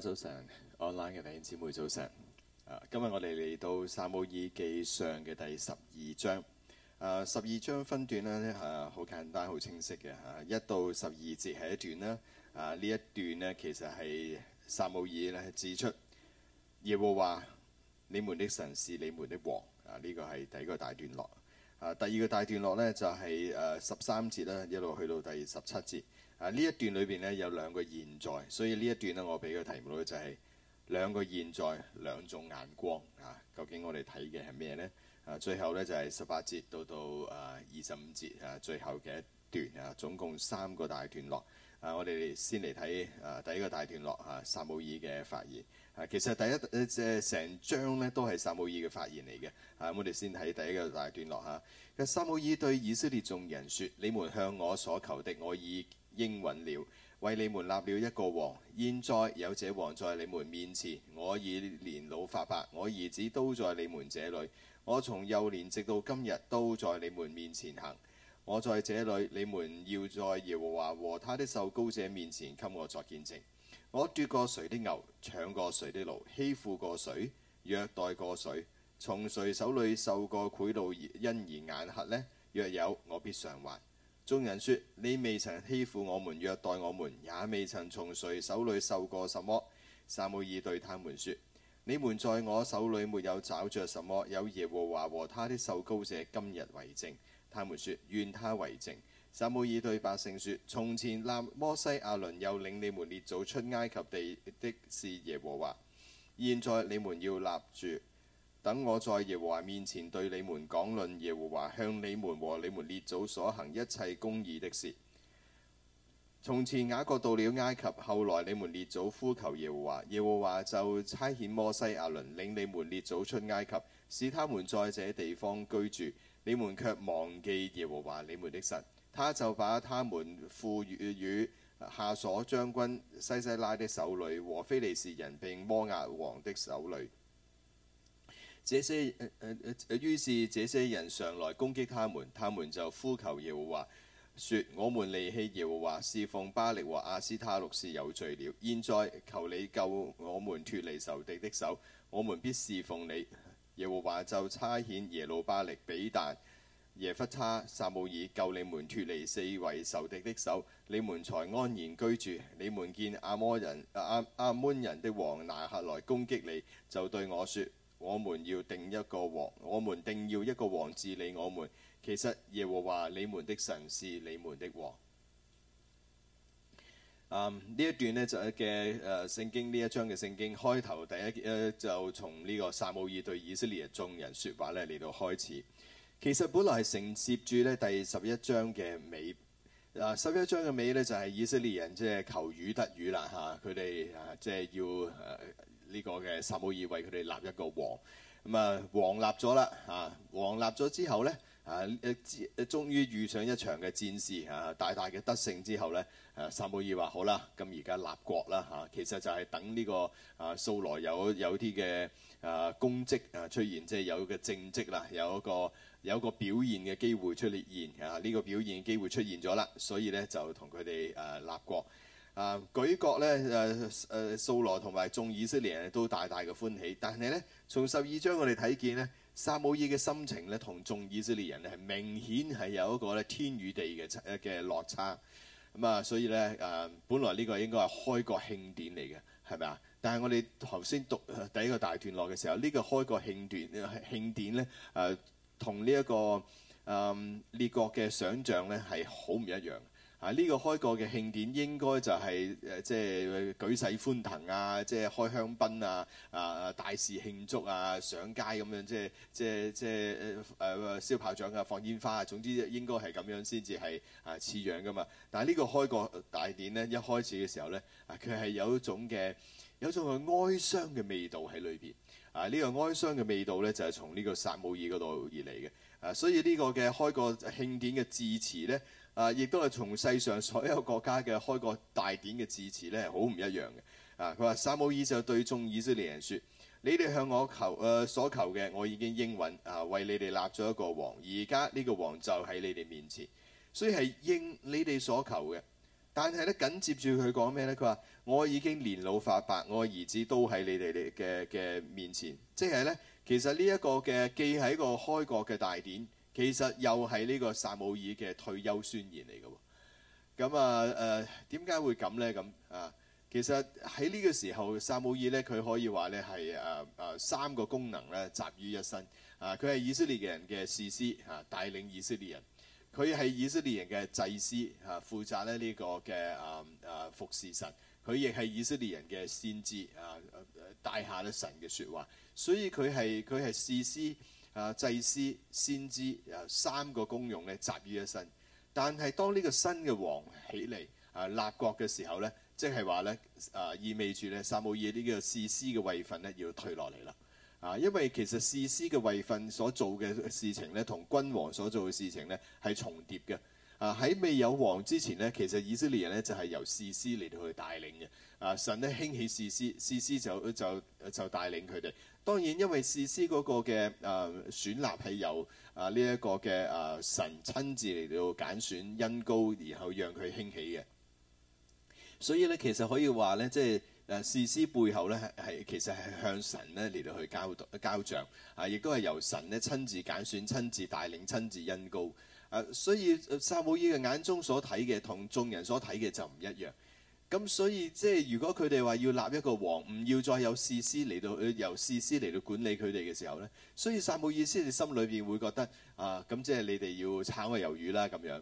早晨，online 嘅弟兄姊妹早晨。啊，今日我哋嚟到《撒母耳記上》嘅第十二章。啊，十二章分段呢、啊，吓、啊，好簡單、好清晰嘅吓、啊。一到十二節係一段啦、啊。啊，呢一段呢、啊，其實係撒母耳呢指出耶和華你們的神是你們的王。啊，呢、這個係第一個大段落。啊，第二個大段落呢，就係誒十三節啦，一路去到第十七節。啊！呢一段裏邊呢，有兩個現在，所以呢一段呢，我俾個題目呢，就係、是、兩個現在，兩種眼光啊。究竟我哋睇嘅係咩呢？啊，最後呢，就係十八節到到啊二十五節啊，最後嘅一段啊，總共三個大段落啊。我哋先嚟睇啊第一個大段落啊，撒母耳嘅發言啊。其實第一即係成章呢，都係撒母耳嘅發言嚟嘅啊。我哋先睇第一個大段落嚇。嘅撒母耳對以色列眾人説：你們向我所求的，我已應允了，為你們立了一個王。現在有這王在你們面前。我已年老發白，我兒子都在你們這裏。我從幼年直到今日都在你們面前行。我在這裏，你們要在耶和華和,和他的受膏者面前給我作見證。我奪過誰的牛，搶過誰的驢，欺負過誰，虐待過誰，從誰手裏受過賄賂，因而眼黑呢？若有，我必償還。眾人說：你未曾欺負我們，虐待我們也未曾從誰手裏受過什麼。撒母耳對他們說：你們在我手裏沒有找着什麼，有耶和華和他的受膏者今日為證。他們說：願他為證。撒母耳對百姓說：從前立摩西、亞倫，又領你們列祖出埃及地的是耶和華，現在你們要立住。等我在耶和華面前對你們講論耶和華向你們和你們列祖所行一切公義的事。從前雅各到了埃及，後來你們列祖呼求耶和華，耶和華就差遣摩西亞倫領你們列祖出埃及，使他們在這地方居住。你們卻忘記耶和華你們的神，他就把他們付與夏瑣將軍西西拉的手裏和非利士人並摩押王的手裏。這些誒、呃呃、於是這些人常來攻擊他們，他們就呼求耶和華，說：我們離棄耶和華，侍奉巴力和亞斯他錄，是有罪了。現在求你救我們脱離仇敵的手，我們必侍奉你。耶和華就差遣耶路巴力、比但、耶弗他、撒母耳救你們脱離四圍仇敵的手，你們才安然居住。你們見亞捫人、啊、亞亞捫人的王拿轄來攻擊你，就對我說。我們要定一個王，我們定要一個王治理我們。其實耶和華你們的神是你們的王。嗯，呢一段呢，就係嘅誒聖經呢一章嘅聖經開頭第一、呃、就從呢個撒母耳對以色列嘅眾人説話咧嚟到開始。其實本來係承接住呢第十一章嘅尾、啊。十一章嘅尾呢，就係、是、以色列人即係、就是、求雨得雨啦嚇，佢哋即係要、啊呢個嘅撒母耳為佢哋立一個王，咁啊王立咗啦，啊王立咗之後咧，啊誒之誒終於遇上一場嘅戰事啊，大大嘅得勝之後咧，誒撒母耳話好啦，咁而家立國啦嚇、啊，其實就係等呢、這個啊掃羅有有啲嘅啊功績啊出現，即係有一個政績啦，有一個有一個表現嘅機會，啊這個、會出現，啊呢個表現機會出現咗啦，所以咧就同佢哋誒立國。啊，舉國咧誒誒掃羅同埋眾以色列人都大大嘅歡喜，但係咧從十二章我哋睇見咧，撒母耳嘅心情咧同眾以色列人咧係明顯係有一個咧天與地嘅嘅落差。咁啊，所以咧誒、啊，本來呢個應該係開國慶典嚟嘅，係咪啊？但係我哋頭先讀第一個大段落嘅時候，呢、這個開國慶段慶典咧誒、啊，同呢、這、一個誒、啊、列國嘅想像咧係好唔一樣。啊！呢、這個開國嘅慶典應該就係、是、誒、呃，即係舉世歡騰啊，即係開香檳啊，啊大事慶祝啊，上街咁樣、啊，即係即係即係誒誒燒炮仗啊，放煙花啊，總之應該係咁樣先至係啊似樣噶嘛。但係呢個開國大典咧，一開始嘅時候咧，佢、啊、係有一種嘅有一種嘅哀傷嘅味道喺裏邊。啊，呢、這個哀傷嘅味道咧，就係、是、從呢個撒母耳嗰度而嚟嘅。啊，所以呢個嘅開國慶典嘅致辭咧。啊啊啊啊！亦都係從世上所有國家嘅開國大典嘅致辭咧，係好唔一樣嘅。啊，佢話：撒母耳就對眾以色列人説：你哋向我求，誒、呃、所求嘅，我已經應允。啊，為你哋立咗一個王，而家呢個王就喺你哋面前。所以係應你哋所求嘅。但係咧，緊接住佢講咩咧？佢話：我已經年老發白，我兒子都喺你哋嘅嘅面前。即係咧，其實呢一個嘅既係一個開國嘅大典。其實又係呢個撒母耳嘅退休宣言嚟嘅。哦，咁啊誒點解會咁呢？咁啊，其實喺呢個時候，撒母耳呢，佢可以話呢係誒誒三個功能咧集於一身啊！佢係以色列人嘅士師啊，帶領以色列人；佢係以色列人嘅祭司啊，負責咧呢、這個嘅誒誒服侍神；佢亦係以色列人嘅先知啊，啊，帶下咧神嘅説話。所以佢係佢係士師。啊，祭司、先知啊，三個功用咧集於一身。但係當呢個新嘅王起嚟啊，立國嘅時候咧，即係話咧啊，意味住咧撒母耳呢個士師嘅位份咧要退落嚟啦。啊，因為其實士師嘅位份所做嘅事情咧，同君王所做嘅事情咧係重疊嘅。啊，喺未有王之前咧，其實以色列人咧就係、是、由士師嚟到去帶領嘅。啊，神呢興起士師，士師就就就，就，就帶領佢哋。當然，因為士師嗰個嘅誒選立係由啊呢一個嘅誒神親自嚟到揀選恩膏，然後讓佢興起嘅。所以咧，其實可以話咧，即係誒士師背後咧係其實係向神咧嚟到去交代交賬啊，亦都係由神咧親自揀選、親自帶領、親自恩膏。啊。所以撒母耳嘅眼中所睇嘅同眾人所睇嘅就唔一樣。咁、嗯、所以即係如果佢哋話要立一個王，唔要再有士師嚟到由、呃、士師嚟到管理佢哋嘅時候呢。所以撒母耳意思，佢心裏邊會覺得啊，咁、嗯、即係你哋要炒魷魚啦咁樣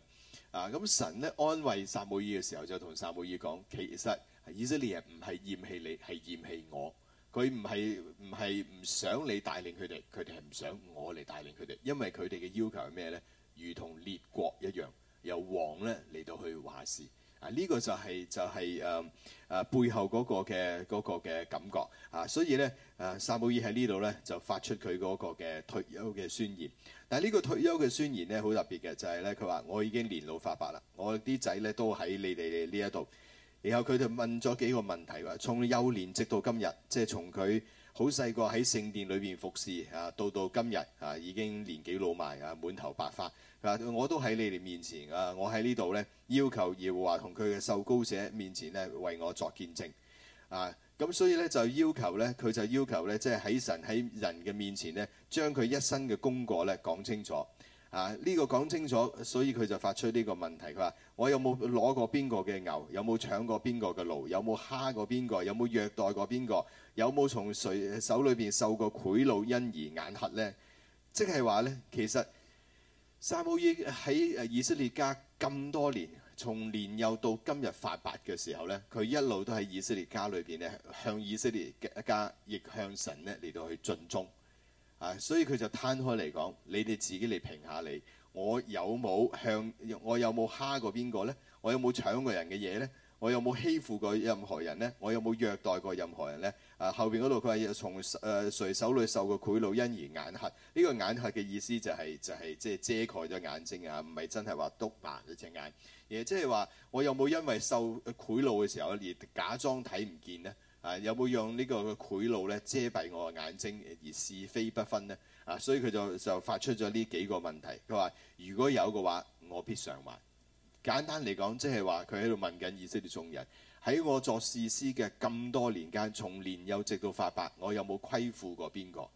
啊。咁、嗯、神呢安慰撒母耳嘅時候，就同撒母耳講：其實以色列人唔係厭棄你，係厭棄我。佢唔係唔係唔想你帶領佢哋，佢哋係唔想我嚟帶領佢哋，因為佢哋嘅要求係咩呢？如同列國一樣，由王呢嚟到去話事。啊！呢、這個就係、是、就係誒誒背後嗰個嘅嗰個嘅感覺啊！所以咧誒，撒母耳喺呢度咧就發出佢嗰個嘅退休嘅宣言。但係呢個退休嘅宣言咧好特別嘅，就係咧佢話：我已經年老發白啦，我啲仔咧都喺你哋呢一度。然後佢就問咗幾個問題話：從幼年直到今日，即係從佢。好細個喺聖殿裏邊服侍，啊，到到今日啊，已經年紀老邁啊，滿頭白髮啊，我都喺你哋面前啊，我喺呢度呢要求耶和華同佢嘅受膏者面前呢為我作見證啊，咁所以呢，就要求呢，佢就要求呢，即係喺神喺人嘅面前呢，將佢一生嘅功過呢講清楚。啊！呢、這個講清楚，所以佢就發出呢個問題。佢話：我有冇攞過邊個嘅牛？有冇搶過邊個嘅路？有冇蝦過邊個？有冇虐待過邊個？有冇從誰手裏邊受過賄賂，因而眼黑呢？即呢，即係話呢，其實撒母耳喺以色列家咁多年，從年幼到今日發白嘅時候呢，佢一路都喺以色列家裏邊呢，向以色列一家逆向神呢嚟到去盡忠。啊！所以佢就攤開嚟講，你哋自己嚟評下你，我有冇向我有冇蝦過邊個呢？我有冇搶過人嘅嘢呢？我有冇欺負過任何人呢？我有冇虐待過任何人呢？啊，後邊嗰度佢話從誒、呃、誰手裏受過賄賂，因而眼黑。呢、呢個眼黑嘅意思就係、係、就係即係遮蓋咗眼睛啊，唔係真係話篤盲咗隻眼。亦即係話，我有冇因為受賄賂嘅時候而假裝睇唔見呢？啊、有冇用呢個嘅賄賂咧遮蔽我嘅眼睛而是非不分咧？啊！所以佢就就發出咗呢幾個問題。佢話：如果有嘅話，我必償還。簡單嚟講，即係話佢喺度問緊以色列眾人：喺我作士師嘅咁多年間，從年幼直到發白，我有冇虧負過邊個？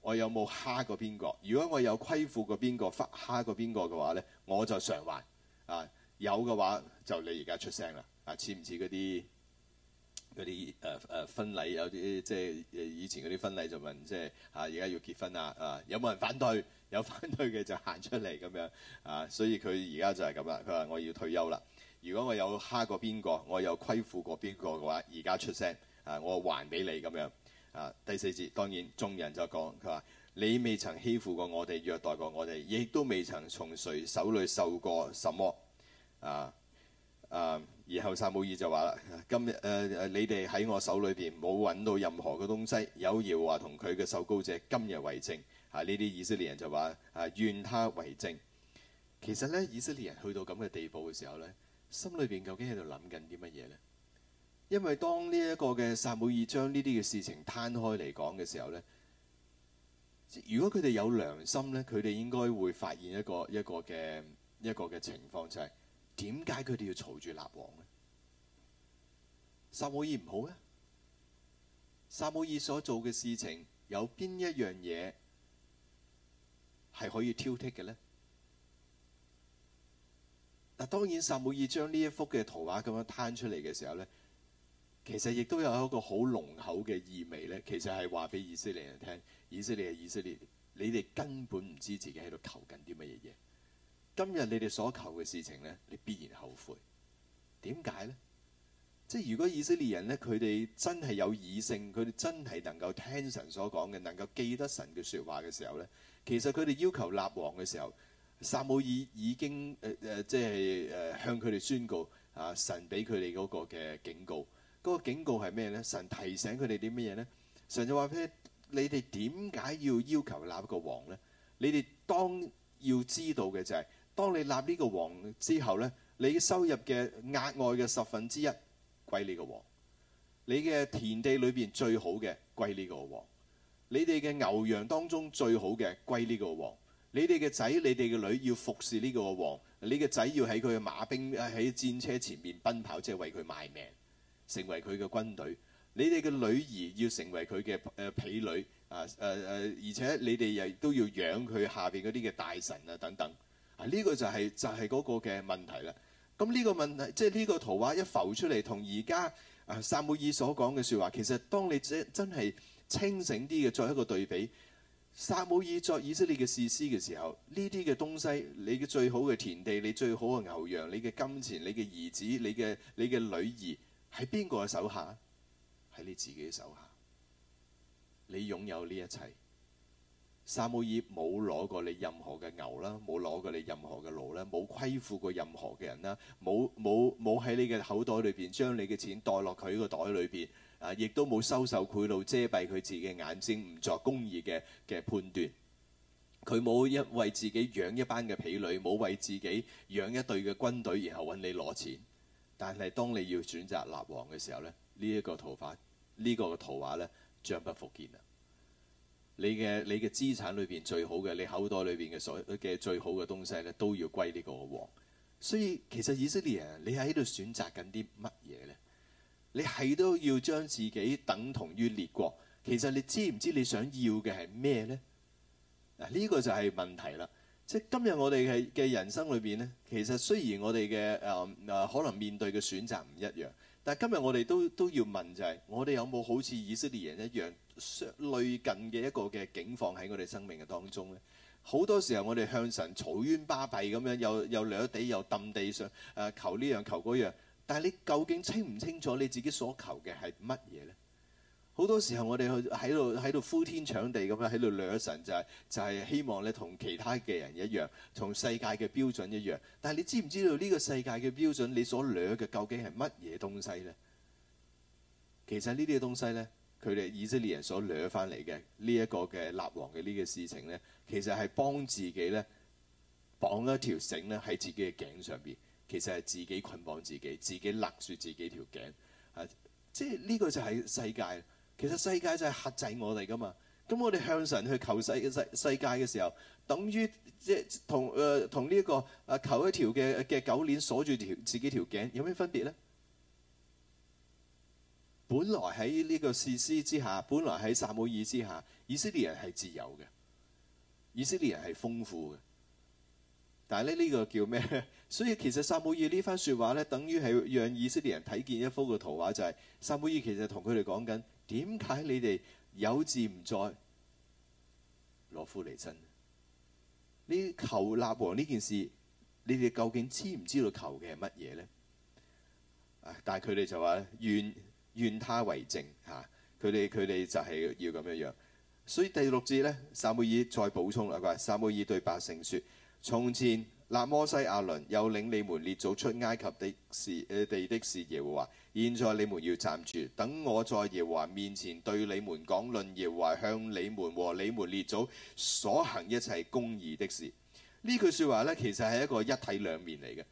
我有冇蝦過邊個？如果我有虧負過邊個、蝦過邊個嘅話呢，我就償還。啊，有嘅話就你而家出聲啦！啊，似唔似嗰啲？嗰啲誒誒，婚禮有啲，即係以前嗰啲婚禮就問，即係嚇，而家要結婚啊，啊，有冇人反對？有反對嘅就行出嚟咁樣，啊，所以佢而家就係咁啦，佢話我要退休啦。如果我有蝦過邊個，我有虧負過邊個嘅話，而家出聲啊，我還俾你咁樣。啊，第四節，當然眾人就講，佢話你未曾欺負過我哋，虐待過我哋，亦都未曾從誰手裏受過什麼啊啊，啊然後撒母耳就話啦：今日誒誒，你哋喺我手裏邊冇揾到任何嘅東西。有耶和華同佢嘅受膏者今日為證，啊！呢啲以色列人就話啊，願他為證。其實呢，以色列人去到咁嘅地步嘅時候呢，心裏邊究竟喺度諗緊啲乜嘢呢？因為當呢一個嘅撒母耳將呢啲嘅事情攤開嚟講嘅時候呢，如果佢哋有良心呢，佢哋應該會發現一個一個嘅一個嘅情況就係、是。點解佢哋要嘈住立王呢？撒母耳唔好咧、啊？撒母耳所做嘅事情有邊一樣嘢係可以挑剔嘅呢？嗱，當然撒母耳將呢一幅嘅圖畫咁樣攤出嚟嘅時候咧，其實亦都有一個好濃厚嘅意味咧。其實係話俾以色列人聽：以色列啊，以色列，你哋根本唔知自己喺度求緊啲乜嘢嘢。今日你哋所求嘅事情呢，你必然後悔。點解呢？即係如果以色列人呢，佢哋真係有耳性，佢哋真係能夠聽神所講嘅，能夠記得神嘅説話嘅時候呢，其實佢哋要求立王嘅時候，撒母耳已經誒誒、呃，即係向佢哋宣告啊神俾佢哋嗰個嘅警告。嗰、那個警告係咩呢？神提醒佢哋啲咩嘢呢？神就話翻：你哋點解要要求立一個王呢？你哋當要知道嘅就係、是。當你立呢個王之後咧，你收入嘅額外嘅十分之一歸呢個王。你嘅田地裏邊最好嘅歸呢個王。你哋嘅牛羊當中最好嘅歸呢個王。你哋嘅仔、你哋嘅女要服侍呢個王。你嘅仔要喺佢嘅馬兵喺戰車前面奔跑，即係為佢賣命，成為佢嘅軍隊。你哋嘅女兒要成為佢嘅誒婢女啊誒誒，而且你哋亦都要養佢下邊嗰啲嘅大臣啊等等。啊！呢、這個就係、是、就係、是、嗰個嘅問題啦。咁、嗯、呢、這個問題，即係呢個圖畫一浮出嚟，同而家啊撒母耳所講嘅説話，其實當你真真係清醒啲嘅，作一個對比，撒母耳作以色列嘅士師嘅時候，呢啲嘅東西，你嘅最好嘅田地，你最好嘅牛羊，你嘅金錢，你嘅兒子，你嘅你嘅女兒，喺邊個嘅手下？喺你自己嘅手下。你擁有呢一切。撒母耳冇攞過你任何嘅牛啦，冇攞過你任何嘅驢啦，冇虧負過任何嘅人啦，冇冇冇喺你嘅口袋裏邊將你嘅錢袋落佢個袋裏邊，啊，亦都冇收受賄賂遮蔽佢自己嘅眼睛唔作公義嘅嘅判斷。佢冇一為自己養一班嘅婢女，冇為自己養一隊嘅軍隊，然後揾你攞錢。但係當你要選擇立王嘅時候呢，呢、呢個圖法，呢、這、呢個圖法，呢個嘅圖畫咧將不復見。你嘅你嘅資產裏邊最好嘅，你口袋裏邊嘅所嘅最好嘅東西咧，都要歸呢個王。所以其實以色列人，你喺度選擇緊啲乜嘢咧？你係都要將自己等同於列國。其實你知唔知你想要嘅係咩咧？嗱、啊，呢、呢個就係問題啦。即係今日我哋嘅嘅人生裏邊呢，其實雖然我哋嘅誒誒可能面對嘅選擇唔一樣。但今日我哋都都要問、就是，就係我哋有冇好似以色列人一樣，相類近嘅一個嘅境況喺我哋生命嘅當中咧？好多時候我哋向神嘈冤巴閉咁樣，又又掠地又抌地上，誒、呃、求呢樣求嗰樣，但係你究竟清唔清楚你自己所求嘅係乜嘢咧？好多時候我哋去喺度喺度呼天搶地咁樣，喺度掠神、就係，就係就係希望咧同其他嘅人一樣，同世界嘅標準一樣。但係你知唔知道呢個世界嘅標準？你所掠嘅究竟係乜嘢東西咧？其實呢啲嘅東西咧，佢哋以色列人所掠翻嚟嘅呢一個嘅立王嘅呢個事情咧，其實係幫自己咧綁一條繩咧喺自己嘅頸上邊。其實係自己捆綁，綁自己，自己勒住自己條頸。啊，即係呢個就係世界。其實世界就係限制我哋噶嘛，咁我哋向神去求世世世，世界嘅時候，等於即係同誒、呃、同呢、這、一個啊求一條嘅嘅狗鏈鎖住條自己條頸，有咩分別咧？本來喺呢個士師之下，本來喺撒母耳之下，以色列人係自由嘅，以色列人係豐富嘅。但係咧呢、這個叫咩？所以其實撒母耳呢番説話咧，等於係讓以色列人睇見一幅嘅圖畫、就是，就係撒母耳其實同佢哋講緊。點解你哋有志唔再攞夫離親？你求立王呢件事，你哋究竟知唔知道求嘅係乜嘢呢？啊、但係佢哋就話願願他為正嚇，佢哋佢哋就係要咁樣樣。所以第六節呢，撒母耳再補充啦，佢話撒母耳對百姓説：從前立摩西亞倫又領你們列祖出埃及的是誒地的是會，耶和華。現在你們要站住，等我在耶和華面前對你們講論耶和華向你們和你們列祖所行一切公義的事。呢句説話呢，其實係一個一體兩面嚟嘅。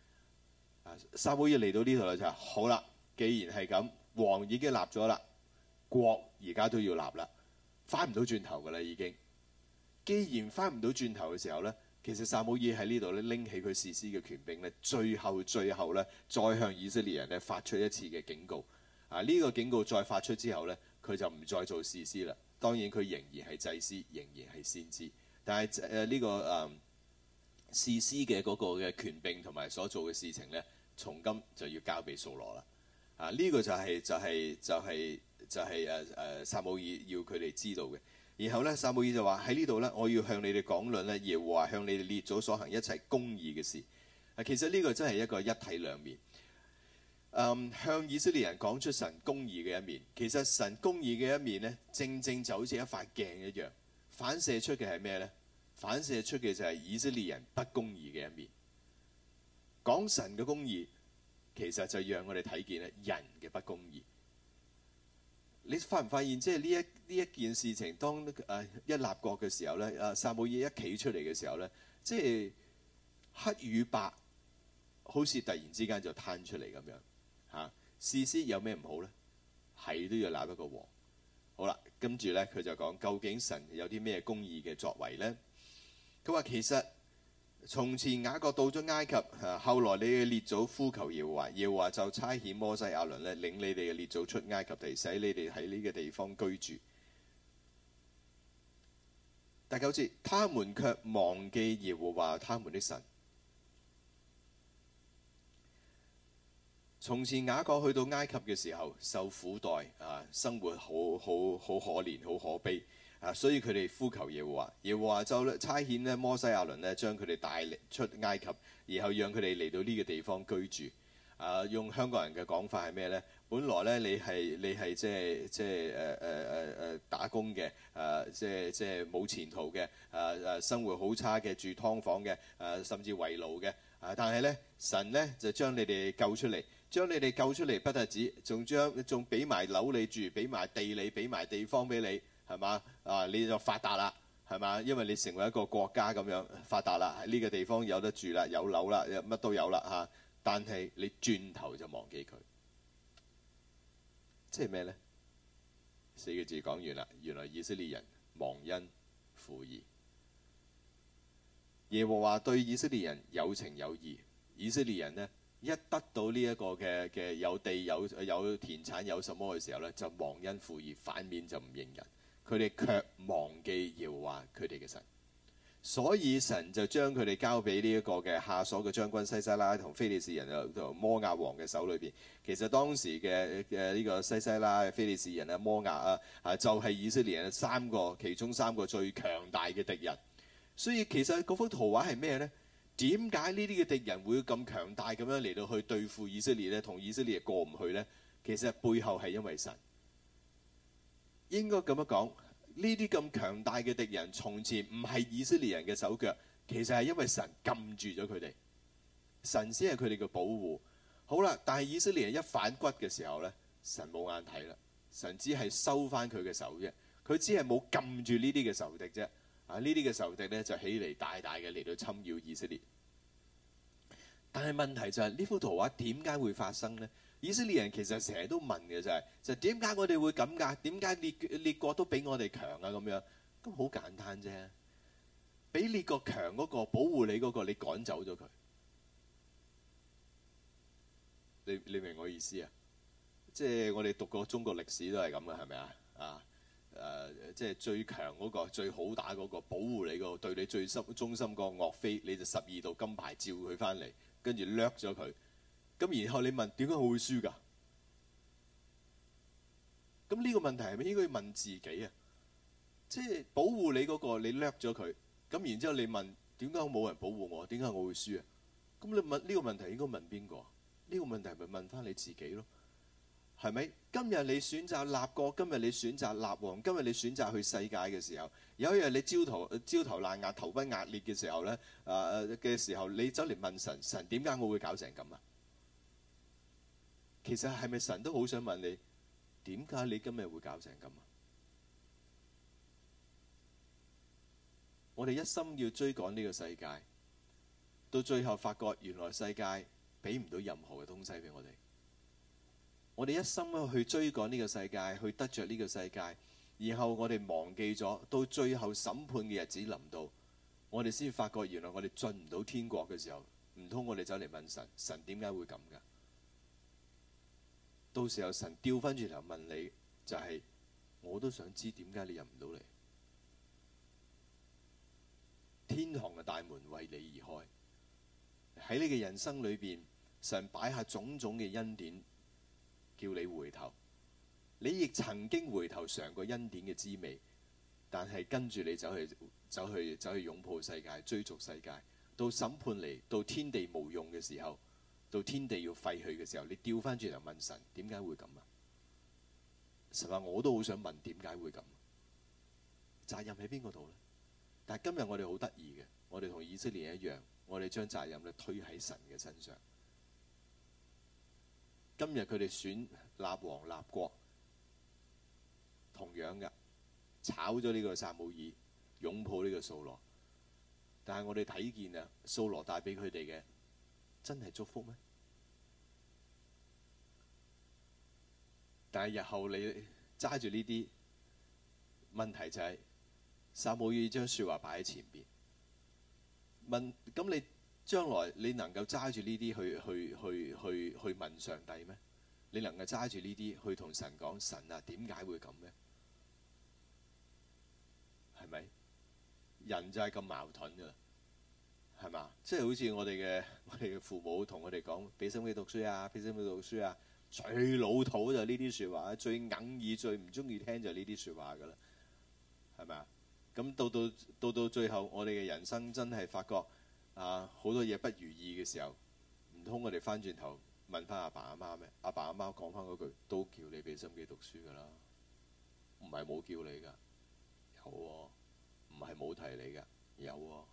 撒母耳嚟到呢度咧，就話係：好啦，既然係咁，王已經立咗啦，國而家都要立啦，翻唔到轉頭噶啦已經。既然翻唔到轉頭嘅時候呢，其實撒母耳喺呢度咧，拎起佢士師嘅權柄咧，最後最後咧，再向以色列人咧發出一次嘅警告。啊，呢、這個警告再發出之後咧，佢就唔再做士師啦。當然佢仍然係祭司，仍然係先知，但係誒呢個誒、啊、士師嘅嗰個嘅權柄同埋所做嘅事情咧，從今就要交俾掃羅啦。啊，呢、這個就係、是、就係、是、就係、是、就係誒誒撒母耳要佢哋知道嘅。然後呢，撒母耳就話喺呢度呢，我要向你哋講論呢，耶和華向你哋列祖所行一切公義嘅事。啊，其實呢個真係一個一體兩面。嗯，向以色列人講出神公義嘅一面，其實神公義嘅一面呢，正正就好似一塊鏡一樣，反射出嘅係咩呢？反射出嘅就係以色列人不公義嘅一面。講神嘅公義，其實就讓我哋睇見咧人嘅不公義。你發唔發現，即係呢一呢一件事情，當誒、啊、一立國嘅時候咧，啊撒母耳一企出嚟嘅時候咧，即係黑與白好似突然之間就攤出嚟咁樣嚇。試、啊、試有咩唔好咧？係都要立一個王。好啦，跟住咧佢就講，究竟神有啲咩公義嘅作為咧？佢話其實。從前雅各到咗埃及、啊，後來你嘅列祖呼求耶和華，耶和華就差遣摩西亞倫咧，領你哋嘅列祖出埃及地，使你哋喺呢個地方居住。第九節，他們卻忘記耶和華他們的神。從前雅各去到埃及嘅時候，受苦待啊，生活好好好，好可憐，好可悲。啊！所以佢哋呼求耶和華，耶和華就差遣咧摩西亞倫咧，將佢哋帶出埃及，然後讓佢哋嚟到呢個地方居住。啊！用香港人嘅講法係咩呢？本來咧你係你係即係即係誒誒誒誒打工嘅，誒即係即係冇前途嘅，誒、啊、誒生活好差嘅，住劏房嘅，誒、啊、甚至為奴嘅。啊！但係咧神呢，就將你哋救出嚟，將你哋救出嚟，不單止仲將仲俾埋樓你住，俾埋地你，俾埋地方俾你。係嘛？啊，你就發達啦，係嘛？因為你成為一個國家咁樣發達啦，喺呢個地方有得住啦，有樓啦，乜都有啦嚇、啊。但係你轉頭就忘記佢，即係咩咧？四個字講完啦，原來以色列人忘恩負義。耶和華對以色列人有情有義，以色列人呢，一得到呢一個嘅嘅有地有有田產有什麼嘅時候咧，就忘恩負義，反面就唔認人。佢哋卻忘記耶和華佢哋嘅神，所以神就將佢哋交俾呢一個嘅夏瑣嘅將軍西西拉，同非利士人，又同摩押王嘅手裏邊。其實當時嘅嘅呢個西西拉、非利士人啊、摩押啊，啊就係、是、以色列人三個其中三個最強大嘅敵人。所以其實嗰幅圖畫係咩呢？點解呢啲嘅敵人會咁強大咁樣嚟到去對付以色列咧？同以色列過唔去呢？其實背後係因為神。應該咁樣講，呢啲咁強大嘅敵人，從前唔係以色列人嘅手腳，其實係因為神禁住咗佢哋，神先係佢哋嘅保護。好啦，但係以色列人一反骨嘅時候咧，神冇眼睇啦，神只係收翻佢嘅手啫，佢只係冇禁住呢啲嘅仇敵啫。啊，呢啲嘅仇敵咧就起嚟大大嘅嚟到侵擾以色列。但係問題就係，呢幅圖畫點解會發生呢？以色列人其實成日都問嘅就係，就點解我哋會咁㗎？點解列列國都比我哋強啊？咁樣都好簡單啫，比列國強嗰個保護你嗰個，你趕走咗佢，你你明我意思啊？即係我哋讀過中國歷史都係咁嘅，係咪啊？啊，誒，即係最強嗰個、最好打嗰個、保護你嗰個、對你最忠心嗰個岳飛，你就十二道金牌召佢翻嚟，跟住掠咗佢。咁，然後你問點解我會輸㗎？咁呢個問題係咪應該要問自己啊？即係保護你嗰個你叻咗佢，咁然之後你問點解冇人保護我？點解我會輸啊？咁你問呢個問題應該問邊個？呢個問題咪問翻你自己咯？係咪今日你選擇立國，今日你選擇立王，今日你選擇去世界嘅時候，有一日你焦頭焦頭爛額、頭崩壓裂嘅時候咧？誒嘅時候，你走嚟問神，神點解我會搞成咁啊？其實係咪神都好想問你，點解你今日會搞成咁啊？我哋一心要追趕呢個世界，到最後發覺原來世界俾唔到任何嘅東西俾我哋。我哋一心去追趕呢個世界，去得着呢個世界，然後我哋忘記咗，到最後審判嘅日子臨到，我哋先發覺原來我哋進唔到天國嘅時候，唔通我哋走嚟問神，神點解會咁㗎？到時候神掉返轉頭問你，就係、是、我都想知點解你入唔到嚟？天堂嘅大門為你而開，喺你嘅人生裏邊，神擺下種種嘅恩典，叫你回頭。你亦曾經回頭嘗過恩典嘅滋味，但係跟住你走去走去走去擁抱世界、追逐世界，到審判嚟，到天地無用嘅時候。到天地要廢去嘅時候，你調翻轉頭問神，點解會咁啊？實話我都好想問，點解會咁？責任喺邊個度咧？但係今日我哋好得意嘅，我哋同以色列一樣，我哋將責任咧推喺神嘅身上。今日佢哋選立王立國，同樣嘅炒咗呢個撒母耳，擁抱呢個掃羅。但係我哋睇見啊，掃羅帶俾佢哋嘅。真係祝福咩？但係日後你揸住呢啲問題就係、是、撒母耳將說話擺喺前邊，問，咁你將來你能夠揸住呢啲去去去去去，去問上帝咩？你能夠揸住呢啲去同神講，神啊，點解會咁咧？係咪人就係咁矛盾噶？係嘛？即係好似我哋嘅我哋嘅父母同我哋講，俾心機讀書啊，俾心機讀書啊，最老土就呢啲説話，最硬耳最唔中意聽就呢啲説話噶啦，係咪啊？咁到到到到最後，我哋嘅人生真係發覺啊，好多嘢不如意嘅時候，唔通我哋翻轉頭問翻阿爸阿媽咩？阿爸阿媽講翻嗰句，都叫你俾心機讀書噶啦，唔係冇叫你噶，有、啊，唔係冇提你噶，有、啊。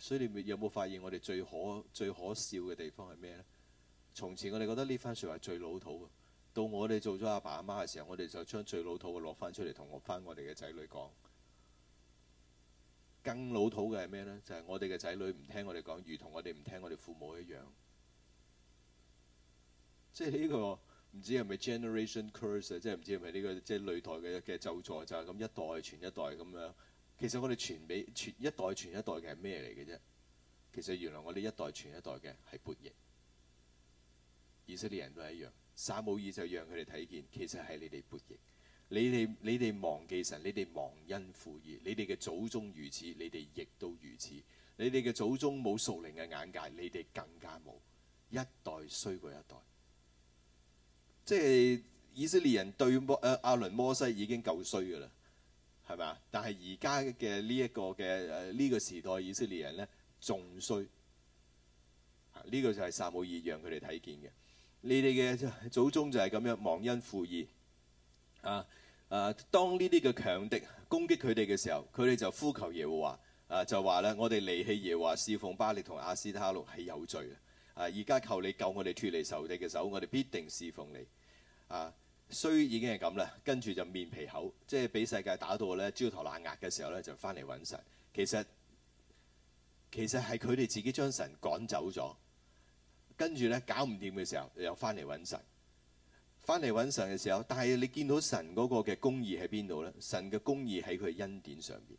所以你有冇發現我哋最可最可笑嘅地方係咩呢？從前我哋覺得呢番説話最老土，到我哋做咗阿爸阿媽嘅時候，我哋就將最老土嘅攞翻出嚟同我翻我哋嘅仔女講。更老土嘅係咩呢？就係、是、我哋嘅仔女唔聽我哋講，如同我哋唔聽我哋父母一樣，這個這個就是、樣。即係呢個唔知係咪 generation curse 即係唔知係咪呢個即係累代嘅嘅咒詛就係咁一代傳一代咁樣。其實我哋傳俾傳一代傳一代嘅係咩嚟嘅啫？其實原來我哋一代傳一代嘅係叛逆。以色列人都係一樣，撒母耳就讓佢哋睇見，其實係你哋叛逆。你哋你哋忘記神，你哋忘恩負義，你哋嘅祖宗如此，你哋亦都如此。你哋嘅祖宗冇屬靈嘅眼界，你哋更加冇，一代衰過一代。即係以色列人對誒，亞倫摩西已經夠衰噶啦。係嘛？但係而家嘅呢一個嘅呢、啊這個時代以色列人呢，仲衰。呢、啊這個就係撒母耳讓佢哋睇見嘅。你哋嘅祖宗就係咁樣忘恩負義。啊啊！當呢啲嘅強敵攻擊佢哋嘅時候，佢哋就呼求耶和華啊，就話咧：我哋離棄耶和華，侍奉巴力同亞斯他錄係有罪啊！而家求你救我哋脫離仇敵嘅手，我哋必定侍奉你啊！衰已經係咁啦，跟住就面皮厚，即係俾世界打到咧焦頭爛額嘅時候咧，就翻嚟揾神。其實其實係佢哋自己將神趕走咗，跟住咧搞唔掂嘅時候又翻嚟揾神。翻嚟揾神嘅時候，但係你見到神嗰個嘅公義喺邊度咧？神嘅公義喺佢嘅恩典上邊，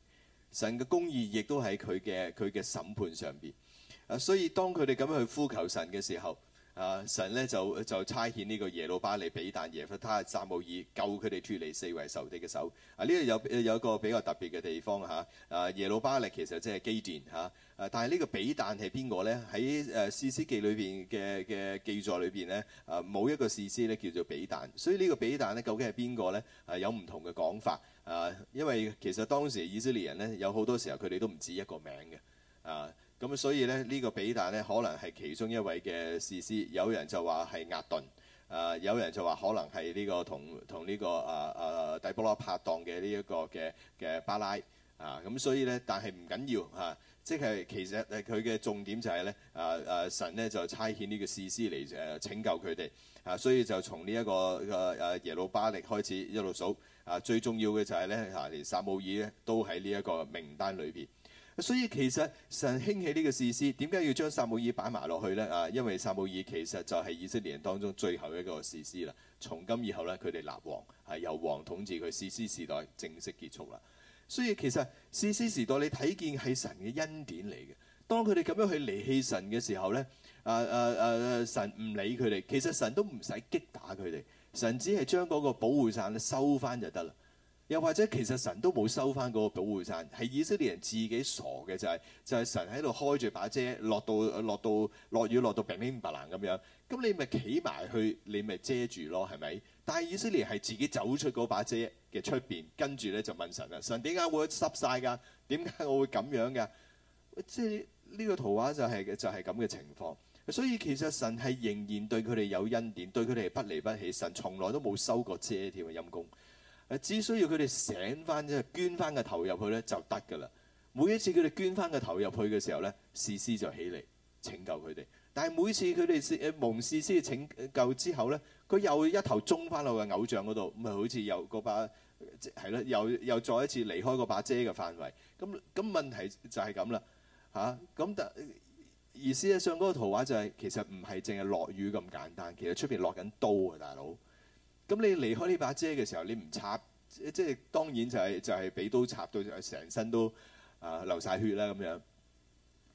神嘅公義亦都喺佢嘅佢嘅審判上邊。啊，所以當佢哋咁樣去呼求神嘅時候。啊！神咧就就差遣呢個耶路巴力比但、耶弗他、撒母耳救佢哋脫離四圍仇敵嘅手。啊！呢度有有一個比較特別嘅地方嚇。啊！耶路巴力其實即係基甸嚇。啊！但係呢個比但係邊個咧？喺誒《士、啊、師記裡面》裏邊嘅嘅記載裏邊咧，啊，冇一個士師咧叫做比但。所以呢個比但咧究竟係邊個咧？啊，有唔同嘅講法啊。因為其實當時以色列人呢，有好多時候佢哋都唔止一個名嘅啊。咁所以咧呢、這個比但咧，可能係其中一位嘅士師。有人就話係押頓，啊、呃，有人就話可能係呢、這個同同呢、這個啊啊底波拉拍檔嘅呢一個嘅嘅巴拉。啊，咁所以咧，但係唔緊要嚇、啊，即係其實誒佢嘅重點就係、是、咧，啊啊神咧就差遣呢個士師嚟誒、啊、拯救佢哋。啊，所以就從呢、這、一個嘅啊耶路巴力開始一路數。啊，最重要嘅就係咧嚇，連撒母耳咧都喺呢一個名單裏邊。所以其實神興起呢個士師，點解要將撒母耳擺埋落去呢？啊，因為撒母耳其實就係以色列人當中最後一個士師啦。從今以後呢，佢哋立王，係由王統治佢，士師時代正式結束啦。所以其實士師時代你睇見係神嘅恩典嚟嘅。當佢哋咁樣去離棄神嘅時候呢，啊啊啊！神唔理佢哋，其實神都唔使擊打佢哋，神只係將嗰個保護傘咧收翻就得啦。又或者其實神都冇收翻嗰個保護傘，係以色列人自己傻嘅就係，就係神喺度開住把遮，落到落到，落到落雨落到冰冰白冷咁樣，咁你咪企埋去，你咪遮住咯，係咪？但係以色列係自己走出嗰把遮嘅出邊，跟住咧就問神啦，神點解會濕晒㗎？點解我會咁樣㗎？即係呢個圖畫就係、就係咁嘅情況，所以其實神係仍然對佢哋有恩典，對佢哋係不離不棄，神從來都冇收過遮添嘅陰功。只需要佢哋醒翻即係捐翻個頭入去咧就得㗎啦！每一次佢哋捐翻個頭入去嘅時候咧，士師就起嚟拯救佢哋。但係每次佢哋事蒙士師拯救之後咧，佢又一頭中翻落去偶像嗰度，咪好似又個把即係咯，又又再一次離開嗰把遮嘅範圍。咁咁問題就係咁啦嚇。咁、啊、但而事實上嗰個圖畫就係、是、其實唔係淨係落雨咁簡單，其實出邊落緊刀啊，大佬！咁你離開呢把遮嘅時候，你唔插，即係當然就係、是、就係、是、畀刀插到成身都啊、呃、流晒血啦咁樣。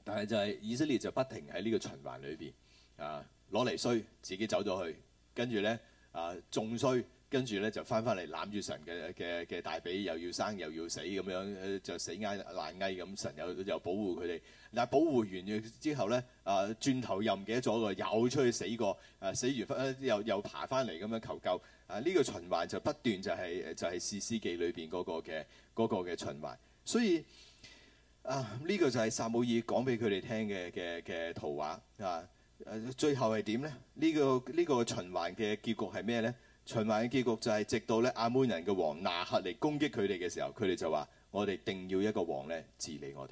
但係就係以色列就不停喺呢個循環裏邊啊攞嚟衰，自己走咗去，跟住咧啊仲衰。呃跟住咧就翻翻嚟攬住神嘅嘅嘅大髀，又要生又要死咁樣，就死蟻爛蟻咁。神又又保護佢哋，但保護完之後咧啊，轉頭又唔記得咗喎，又出去死過啊，死完又又爬翻嚟咁樣求救啊。呢個循環就不斷就係就係《士師記》裏邊嗰個嘅嗰個嘅循環，所以啊，呢個就係撒母耳講俾佢哋聽嘅嘅嘅圖畫啊。誒，最後係點咧？呢個呢個循環嘅結局係咩咧？循環嘅結局就係，直到咧亞捫人嘅王拿轄嚟攻擊佢哋嘅時候，佢哋就話：我哋定要一個王咧治理我哋。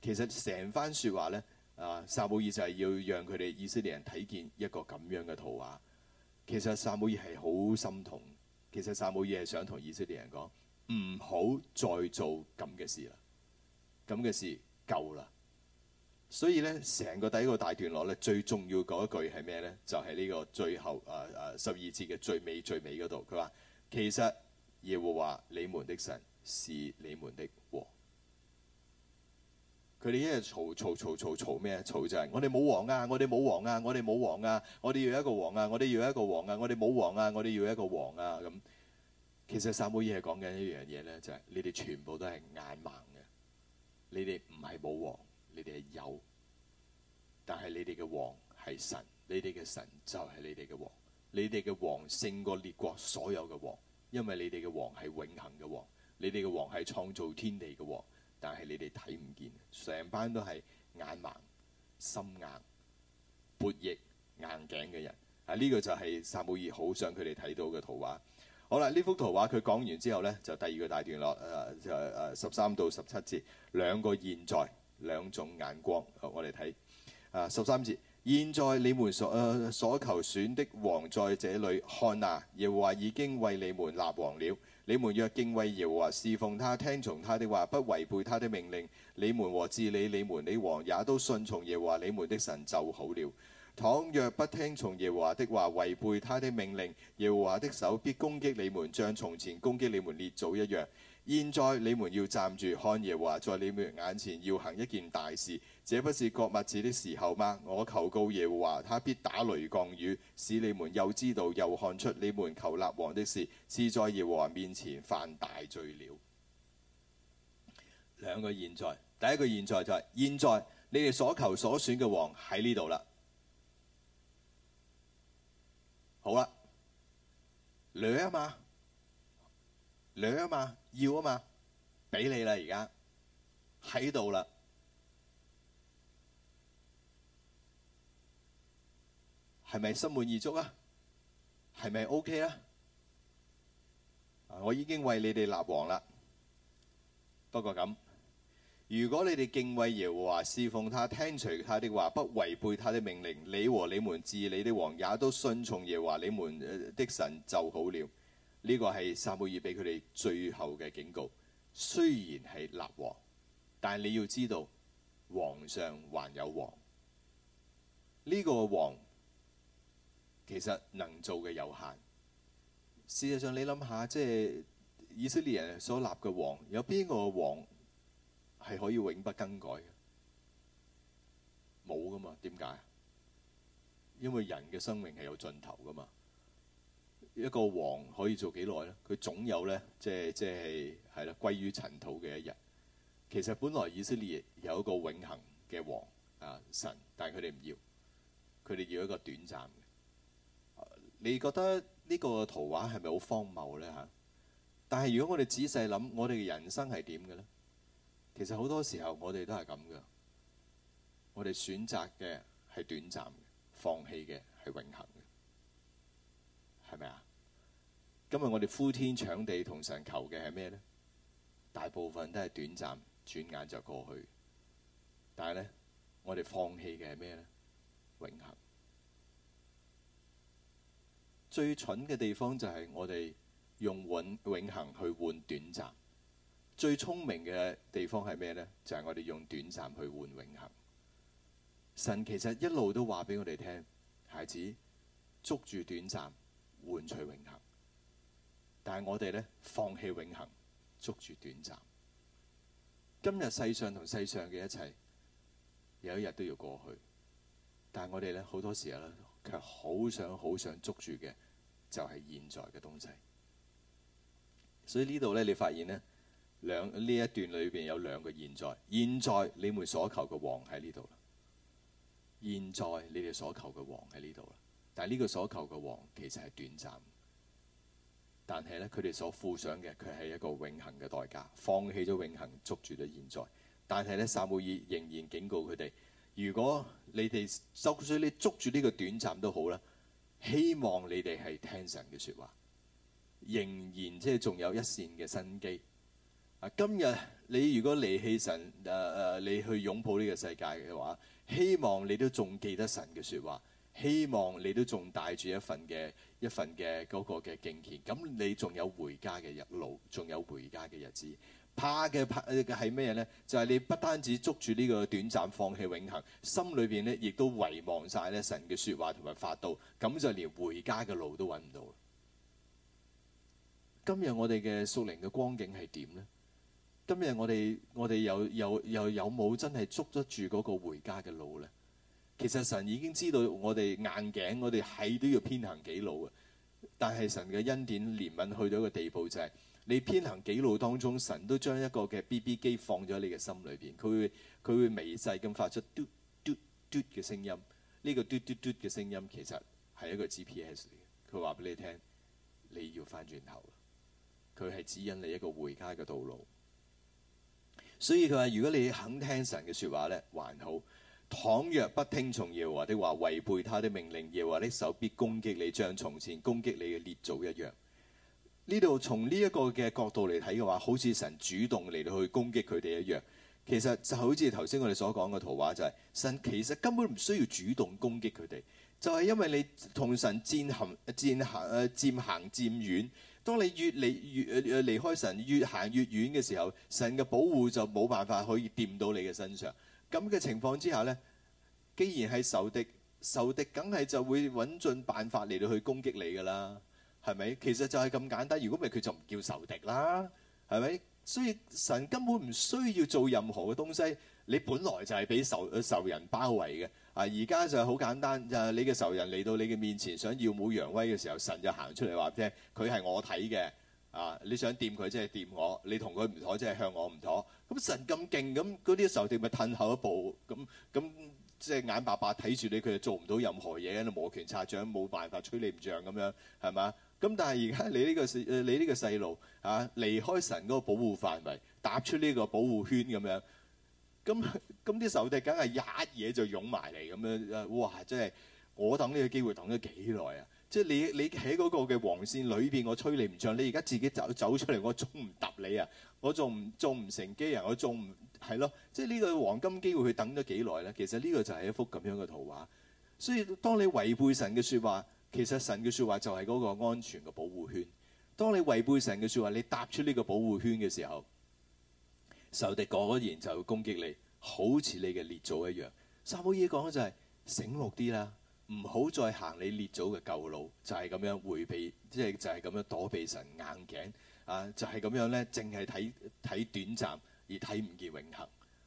其實成番説話咧，啊撒母耳就係要讓佢哋以色列人睇見一個咁樣嘅圖畫。其實撒母耳係好心痛，其實撒母耳係想同以色列人講：唔好再做咁嘅事啦，咁嘅事夠啦。所以咧，成個第一個大段落咧，最重要嗰一句係咩咧？就係、是、呢個最後啊啊、呃、十二節嘅最尾最尾嗰度，佢話其實耶和華你們的神是你們的王。佢哋一日嘈嘈嘈嘈嘈咩嘈就係我哋冇王啊！我哋冇王啊！我哋冇王啊！我哋要一個王啊！我哋要一個王啊！我哋冇王啊！我哋要一個王啊！咁、啊啊啊、其實撒母耳係講緊一樣嘢咧，就係、是、你哋全部都係眼盲嘅，你哋唔係冇王。你哋係有，但係你哋嘅王係神，你哋嘅神就係你哋嘅王。你哋嘅王勝過列國所有嘅王，因為你哋嘅王係永恆嘅王，你哋嘅王係創造天地嘅王。但係你哋睇唔見，成班都係眼盲、心硬、悖逆、硬頸嘅人啊！呢個就係撒母耳好想佢哋睇到嘅圖畫。好啦，呢幅圖畫佢講完之後呢，就第二個大段落，誒就誒，十三到十七節，兩個現在。兩種眼光，我哋睇。啊，十三節，現在你們所、呃、所求選的王在這裏。看啊，耶和華已經為你們立王了。你們若敬畏耶和華，侍奉他，聽從他的話，不違背他的命令，你們和治理你們你王也都信從耶和華你們的神就好了。倘若不聽從耶和華的話，違背他的命令，耶和華的手必攻擊你們，像從前攻擊你們列祖一樣。現在你們要站住，看耶和華在你們眼前要行一件大事，這不是割麥子的時候嗎？我求告耶和華，他必打雷降雨，使你們又知道又看出你們求立王的事，是在耶和華面前犯大罪了。兩個現在，第一個現在就係、是、現在，你哋所求所選嘅王喺呢度啦。好啦、啊，兩啊嘛。兩啊嘛，要啊嘛，畀你啦！而家喺度啦，係咪心滿意足啊？係咪 OK 啊？我已經為你哋立王啦。不過咁，如果你哋敬畏耶和華，侍奉他，聽隨他的話，不違背他的命令，你和你們治理的王也都順從耶和華你們的神就好了。呢個係撒母耳俾佢哋最後嘅警告。雖然係立王，但係你要知道，皇上還有王。呢、呢個王其實能做嘅有限。事實上，你諗下，即係以色列人所立嘅王，有邊個王係可以永不更改嘅？冇噶嘛？點解？因為人嘅生命係有盡頭噶嘛。一個王可以做幾耐咧？佢總有咧，即係即係係啦，歸於塵土嘅一日。其實本來以色列有一個永恆嘅王啊神，但係佢哋唔要，佢哋要一個短暫嘅，啊。你覺得呢個圖畫係咪好荒謬咧吓？但係如果我哋仔細諗，我哋嘅人生係點嘅咧？其實好多時候我哋都係咁嘅，我哋選擇嘅係短暫嘅，放棄嘅係永恆嘅，係咪啊？今日我哋呼天搶地同神求嘅係咩呢？大部分都係短暫，轉眼就過去。但係咧，我哋放棄嘅係咩咧？永恆。最蠢嘅地方就係我哋用永永恆去換短暫。最聰明嘅地方係咩咧？就係我哋用短暫去換永恆。神其實一路都話俾我哋聽，孩子捉住短暫，換取永恆。但係我哋咧，放棄永恆，捉住短暫。今日世上同世上嘅一切，有一日都要過去。但係我哋咧，好多時候咧，卻好想好想捉住嘅，就係現在嘅東西。所以呢度咧，你發現咧，兩呢一段裏邊有兩個現在。現在你們所求嘅王喺呢度啦。現在你哋所求嘅王喺呢度啦。但係呢個所求嘅王其實係短暫。但係咧，佢哋所付上嘅，佢係一個永恆嘅代價，放棄咗永恆，捉住咗現在。但係咧，撒母耳仍然警告佢哋，如果你哋，就算你捉住呢個短暫都好啦，希望你哋係聽神嘅説話，仍然即係仲有一線嘅生機。啊，今日你如果離棄神，誒、呃、誒、呃，你去擁抱呢個世界嘅話，希望你都仲記得神嘅説話。希望你都仲帶住一份嘅一份嘅嗰個嘅敬虔，咁你仲有回家嘅日路，仲有回家嘅日子。怕嘅怕係咩咧？就係你不單止捉住呢個短暫，放棄永恆，心裏邊咧亦都遺忘曬咧神嘅説話同埋法道，咁就連回家嘅路都揾唔到。今日我哋嘅屬靈嘅光景係點咧？今日我哋我哋又又又有冇真係捉得住嗰個回家嘅路咧？其實神已經知道我哋硬頸，我哋係都要偏行己路嘅。但係神嘅恩典憐憫去到一個地步，就係你偏行己路當中，神都將一個嘅 BB 機放咗喺你嘅心裏邊。佢會佢會微細咁發出嘟嘟嘟嘅聲音。呢個嘟嘟嘟嘅聲音其實係一個 GPS 嚟嘅。佢話俾你聽，你要翻轉頭。佢係指引你一個回家嘅道路。所以佢話：如果你肯聽神嘅説話咧，還好。倘若不聽從耶和華的話，違背他的命令，耶和華的手必攻擊你，像從前攻擊你嘅列祖一樣。呢度從呢一個嘅角度嚟睇嘅話，好似神主動嚟去攻擊佢哋一樣。其實就好似頭先我哋所講嘅圖畫，就是，就係神其實根本唔需要主動攻擊佢哋，就係、是、因為你同神漸行漸行漸行漸遠。當你越嚟越，越離開神，越行越遠嘅時候，神嘅保護就冇辦法可以掂到你嘅身上。咁嘅情況之下呢，既然係仇敵，仇敵梗係就會揾盡辦法嚟到去攻擊你噶啦，係咪？其實就係咁簡單。如果唔係，佢就唔叫仇敵啦，係咪？所以神根本唔需要做任何嘅東西，你本來就係俾仇仇人包圍嘅啊。而家就係好簡單，就係你嘅仇人嚟到你嘅面前，想耀武揚威嘅時候，神就行出嚟話聽，佢係我睇嘅。啊！你想掂佢，即係掂我；你同佢唔妥，即係向我唔妥。咁神咁勁，咁嗰啲仇敵咪褪後一步。咁、嗯、咁、嗯、即係眼白白睇住你，佢就做唔到任何嘢，喺度磨拳擦掌，冇辦法吹你唔脹咁樣，係嘛？咁但係而家你呢、呢個細你呢個細路啊，離開神嗰個保護範圍，踏出呢個保護圈咁樣，咁咁啲仇敵梗係一嘢就湧埋嚟咁樣。誒哇！真係我等呢個機會等咗幾耐啊！即係你你喺嗰個嘅黃線裏邊，我吹你唔脹。你而家自己走走出嚟，我仲唔答你啊？我仲仲唔乘機啊？我仲唔係咯。即係呢個黃金機會，佢等咗幾耐咧？其實呢個就係一幅咁樣嘅圖畫。所以當你違背神嘅説話，其實神嘅説話就係嗰個安全嘅保護圈。當你違背神嘅説話，你踏出呢個保護圈嘅時候，仇敵果然就會攻擊你，好似你嘅列祖一樣。撒母耳講嘅就係、是、醒目啲啦。唔好再行你列祖嘅舊路，就係咁樣迴避，即係就係咁樣躲避神硬頸啊！就係咁樣咧，淨係睇睇短暫而睇唔見永恆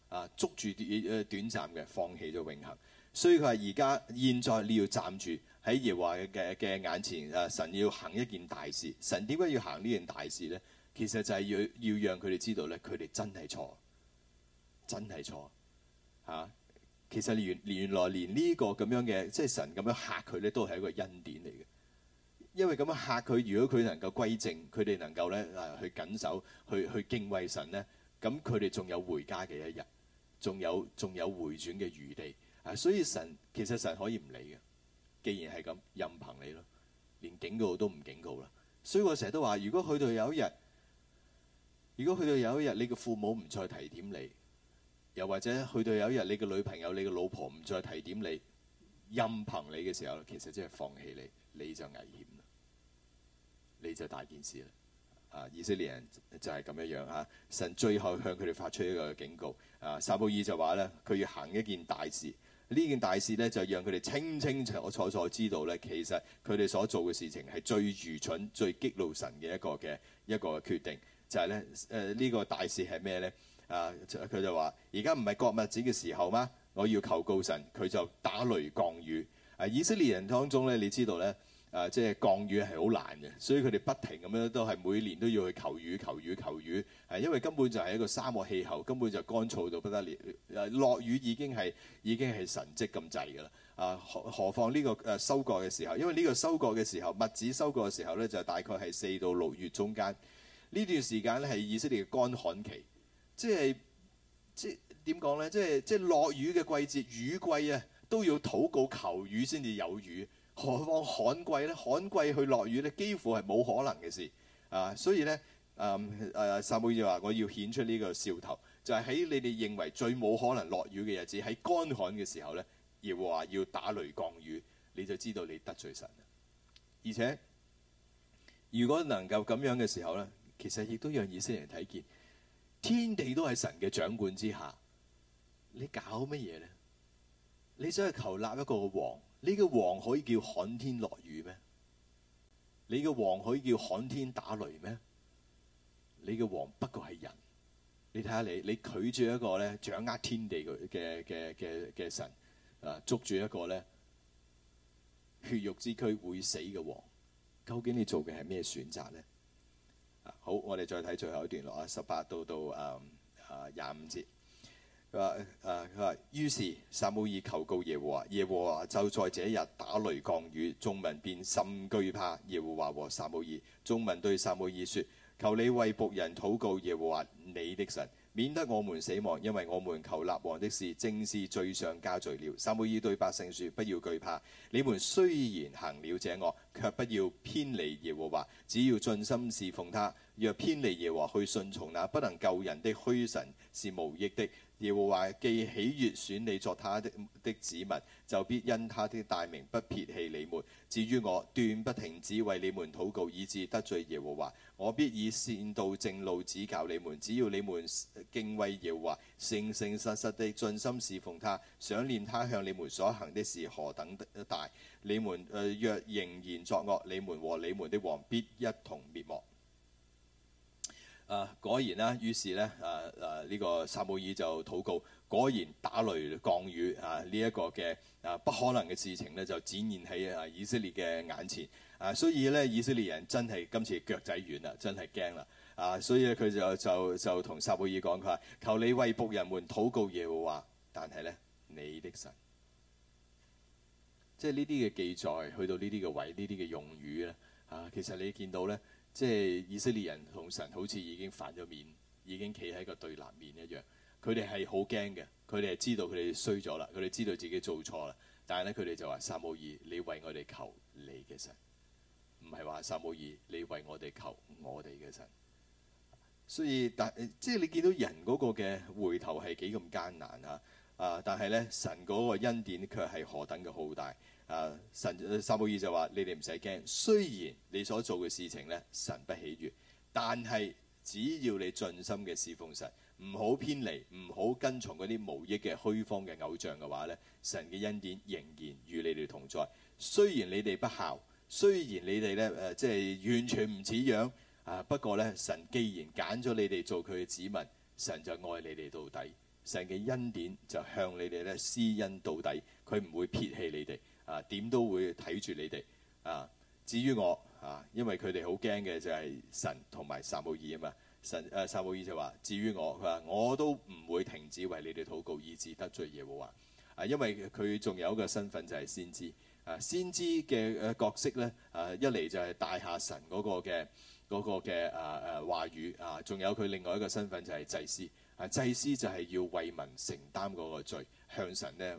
啊！捉住短暫嘅，放棄咗永恆。所以佢話：而家現在你要站住喺耶和華嘅嘅眼前啊！神要行一件大事，神點解要行呢件大事咧？其實就係要要讓佢哋知道咧，佢哋真係錯，真係錯嚇。啊。其實原原來連呢個咁樣嘅，即係神咁樣嚇佢咧，都係一個恩典嚟嘅。因為咁樣嚇佢，如果佢能夠歸正，佢哋能夠咧、啊、去緊守、去去敬畏神咧，咁佢哋仲有回家嘅一日，仲有仲有回轉嘅餘地啊！所以神其實神可以唔理嘅，既然係咁，任憑你咯，連警告都唔警告啦。所以我成日都話，如果去到有一日，如果去到有一日你嘅父母唔再提點你。又或者去到有一日，你嘅女朋友、你嘅老婆唔再提點你，任憑你嘅時候，其實真係放棄你，你就危險啦，你就大件事啦。啊，以色列人就係咁樣樣，啊！神最後向佢哋發出一個警告。啊，撒母耳就話咧，佢要行一件大事。呢件大事咧，就讓佢哋清清楚楚楚知道咧，其實，佢哋所做嘅事情係最愚蠢、最激怒神嘅一個嘅一個決定。就係咧，誒呢個大事係咩咧？啊！佢就話：而家唔係割麥子嘅時候嗎？我要求告神，佢就打雷降雨。啊！以色列人當中咧，你知道咧，啊，即係降雨係好難嘅，所以佢哋不停咁樣都係每年都要去求雨、求雨、求雨、求雨。啊，因為根本就係一個沙漠氣候，根本就乾燥到不得了。啊，落雨已經係已經係神跡咁滯㗎啦。啊，何何況呢個誒收割嘅時候？因為呢個收割嘅時候，麥子收割嘅時候咧，就大概係四到六月中間呢段時間咧，係以色列嘅乾旱期。即係即點講咧？即係即落雨嘅季節，雨季啊都要禱告求雨先至有雨，何況旱季咧？旱季去落雨咧，幾乎係冇可能嘅事啊！所以咧，誒誒撒母耳就話：啊、我要顯出呢個兆頭，就係、是、喺你哋認為最冇可能落雨嘅日子，喺乾旱嘅時候咧，亦話要打雷降雨，你就知道你得罪神。而且如果能夠咁樣嘅時候咧，其實亦都讓以色列人睇見。天地都係神嘅掌管之下，你搞乜嘢咧？你想去求立一個王？你嘅王可以叫旱天落雨咩？你嘅王可以叫旱天打雷咩？你嘅王不過係人，你睇下你，你拒絕一個咧掌握天地嘅嘅嘅嘅神，啊捉住一個咧血肉之軀會死嘅王，究竟你做嘅係咩選擇咧？好，我哋再睇最後一段落啊，十八到到、嗯、啊啊廿五節。佢話：佢、啊、話，於是撒母耳求告耶和華，耶和華就在這日打雷降雨，眾民便甚懼怕耶和華和撒母耳。眾民對撒母耳説：求你為僕人禱告耶和華你的神。免得我們死亡，因為我們求立王的事正是罪上加罪了。撒母耳對百姓説：不要懼怕，你們雖然行了這惡，卻不要偏離耶和華，只要盡心侍奉他。若偏離耶和華去信從那不能救人的虛神，是無益的。耶和華既喜悅選你作他的的子民，就必因他的大名不撇棄你們。至於我，斷不停止為你們禱告，以致得罪耶和華。我必以善道正路指教你們，只要你們敬畏耶和華，誠誠實實的盡心侍奉他，想念他向你們所行的事何等大。你們、呃、若仍然作惡，你們和你們的王必一同滅亡。啊果然啦、啊，於是咧啊啊呢、呢個撒母耳就禱告，果然打雷降雨啊呢一個嘅啊不可能嘅事情咧就展現喺啊以色列嘅眼前啊，所以咧以色列人真係今次腳仔軟啦，真係驚啦啊，所以咧佢就就就同撒母耳講佢話：求你為僕人們禱告耶和華。但係咧，你的神，即係呢啲嘅記載，去到呢啲嘅位，呢啲嘅用語咧啊，其實你見到咧。即係以色列人同神好似已經反咗面，已經企喺個對立面一樣。佢哋係好驚嘅，佢哋係知道佢哋衰咗啦，佢哋知道自己做錯啦。但係咧，佢哋就話：撒母耳，你為我哋求你嘅神，唔係話撒母耳，你為我哋求我哋嘅神。所以，但即係你見到人嗰個嘅回頭係幾咁艱難啊！啊，但係咧，神嗰個恩典卻係何等嘅浩大。啊！神撒母耳就話：你哋唔使驚，雖然你所做嘅事情咧，神不喜悅，但係只要你盡心嘅侍奉神，唔好偏離，唔好跟從嗰啲無益嘅虛方嘅偶像嘅話咧，神嘅恩典仍然與你哋同在。雖然你哋不孝，雖然你哋咧誒即係完全唔似樣啊，不過咧，神既然揀咗你哋做佢嘅子民，神就愛你哋到底，神嘅恩典就向你哋咧施恩到底，佢唔會撇棄你哋。啊，點都會睇住你哋啊！至於我啊，因為佢哋好驚嘅就係神同埋撒母耳啊嘛。神誒撒母耳就話：至於我，佢話我都唔會停止為你哋禱告，以致得罪耶和華啊！因為佢仲有一個身份就係先知啊。先知嘅誒角色咧啊，一嚟就係帶下神嗰個嘅嗰個嘅啊誒、啊、話語啊，仲有佢另外一個身份就係祭司啊。祭司就係要為民承擔嗰個罪，向神咧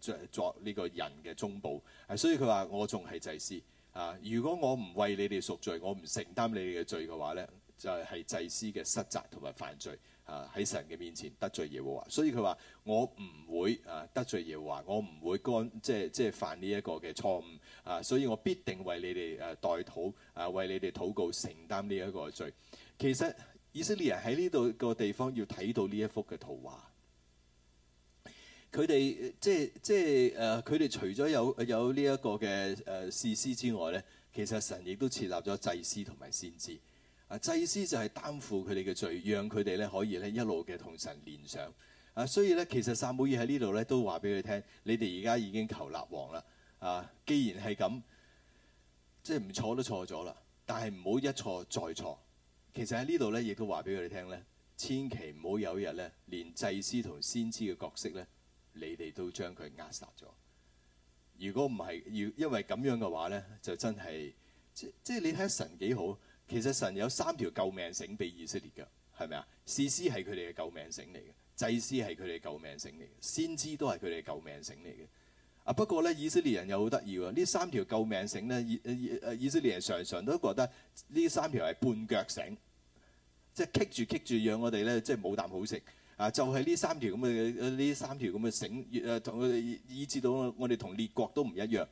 誒誒作呢個人嘅中保，所以佢話我仲係祭司啊！如果我唔為你哋贖罪，我唔承擔你哋嘅罪嘅話咧，就係、是、祭司嘅失責同埋犯罪啊！喺神嘅面前得罪耶和華，所以佢話我唔會啊得罪耶和華，我唔會幹即係即係犯呢一個嘅錯誤啊！所以我必定為你哋誒代禱啊，為你哋禱告承擔呢一個罪。其實以色列人喺呢度個地方要睇到呢一幅嘅圖畫。佢哋即係即係誒，佢、呃、哋除咗有有呢一個嘅誒士師之外咧，其實神亦都設立咗祭司同埋先知啊。祭司就係擔負佢哋嘅罪，讓佢哋咧可以咧一路嘅同神連上啊。所以咧，其實撒母耳喺呢度咧都話俾佢聽：你哋而家已經求立王啦啊！既然係咁，即係唔錯都錯咗啦，但係唔好一錯再錯。其實喺呢度咧，亦都話俾佢哋聽咧，千祈唔好有一日咧，連祭司同先知嘅角色咧。你哋都將佢扼殺咗。如果唔係要，因為咁樣嘅話咧，就真係即即係你睇神幾好。其實神有三條救命繩俾以色列嘅，係咪啊？士師係佢哋嘅救命繩嚟嘅，祭司係佢哋嘅救命繩嚟嘅，先知都係佢哋嘅救命繩嚟嘅。啊不過咧，以色列人又好得意喎。呢三條救命繩咧，以以以色列人常常都覺得呢三條係半腳繩，即係棘住棘住，讓我哋咧即係冇啖好食。啊，就係呢三條咁嘅，呢三條咁嘅繩，誒，同佢哋以致到我哋同列國都唔一樣。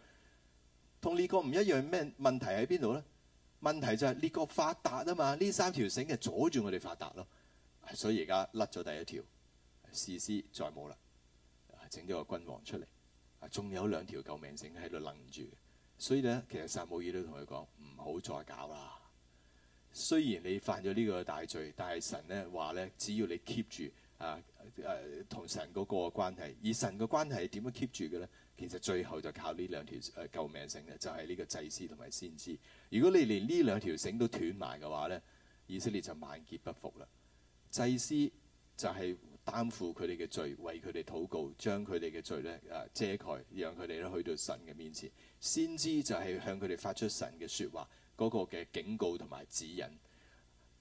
同列國唔一樣咩？問題喺邊度咧？問題就係列國發達啊嘛，呢三條繩係阻住我哋發達咯。所以而家甩咗第一條，士師再冇啦。整咗個君王出嚟，啊，仲有兩條救命繩喺度楞住。所以咧，其實撒母耳都同佢講，唔好再搞啦。雖然你犯咗呢個大罪，但係神咧話咧，只要你 keep 住。啊！誒、啊、同神嗰個關係，而神嘅關係係點樣 keep 住嘅呢？其實最後就靠呢兩條誒救命繩嘅，就係、是、呢個祭司同埋先知。如果你連呢兩條繩都斷埋嘅話咧，以色列就萬劫不復啦。祭司就係擔負佢哋嘅罪，為佢哋禱告，將佢哋嘅罪咧啊遮蓋，讓佢哋咧去到神嘅面前。先知就係向佢哋發出神嘅説話，嗰、那個嘅警告同埋指引。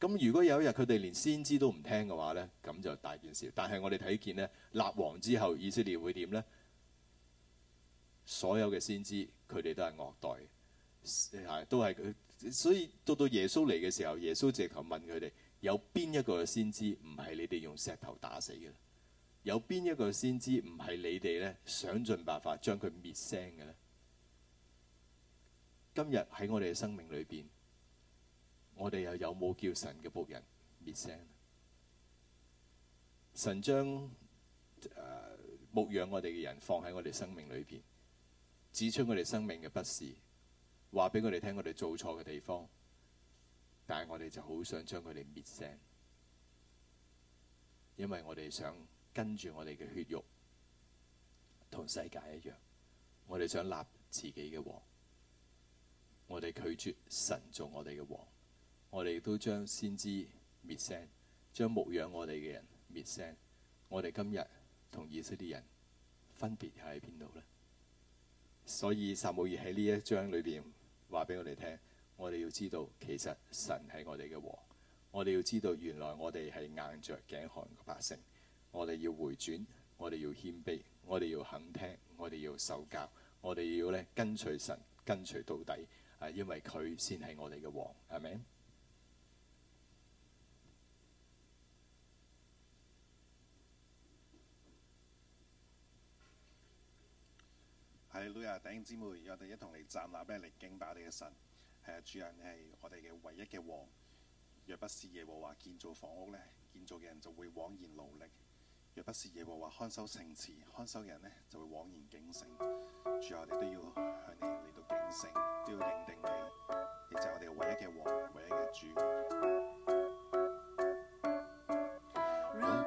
咁如果有一日佢哋連先知都唔聽嘅話咧，咁就大件事。但係我哋睇見咧，立王之後，以色列會點咧？所有嘅先知，佢哋都係惡待，係都係。所以到到耶穌嚟嘅時候，耶穌藉口問佢哋：有邊一個先知唔係你哋用石頭打死嘅？有邊一個先知唔係你哋咧想盡辦法將佢滅聲嘅咧？今日喺我哋嘅生命裏邊。我哋又有冇叫神嘅僕人滅聲？神將、呃、牧養我哋嘅人放喺我哋生命裏邊，指出我哋生命嘅不是，話俾我哋聽我哋做錯嘅地方，但係我哋就好想將佢哋滅聲，因為我哋想跟住我哋嘅血肉同世界一樣，我哋想立自己嘅王，我哋拒絕神做我哋嘅王。我哋亦都將先知滅聲，將牧養我哋嘅人滅聲。我哋今日同以色列人分別喺邊度呢？所以撒母耳喺呢一章裏邊話俾我哋聽，我哋要知道，其實神係我哋嘅王。我哋要知道，原來我哋係硬着頸寒嘅百姓。我哋要回轉，我哋要謙卑，我哋要肯聽，我哋要受教，我哋要咧跟隨神，跟隨到底。啊，因為佢先係我哋嘅王，係咪？係，天下弟兄姊妹，我哋一同嚟站立咧，嚟敬拜你嘅神。係啊，主人，你係我哋嘅唯一嘅王。若不是耶和華建造房屋咧，建造嘅人就會枉然勞力；若不是耶和華看守城池，看守嘅人咧就會枉然警醒。主，以我哋都要向你嚟到警醒，都要認定你，亦就係我哋唯一嘅王，唯一嘅主。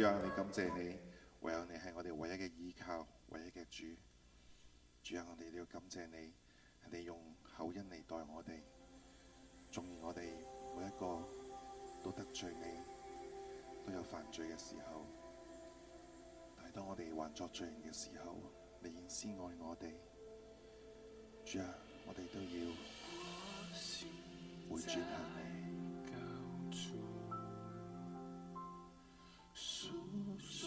主啊，我哋感謝你，唯有你係我哋唯一嘅依靠，唯一嘅主。主啊，我哋都要感謝你，你用口音嚟待我哋，縱然我哋每一個都得罪你，都有犯罪嘅時候，但係當我哋還作罪人嘅時候，你先愛我哋。主啊，我哋都要回轉。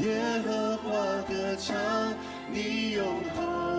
耶和華歌唱，你永恆。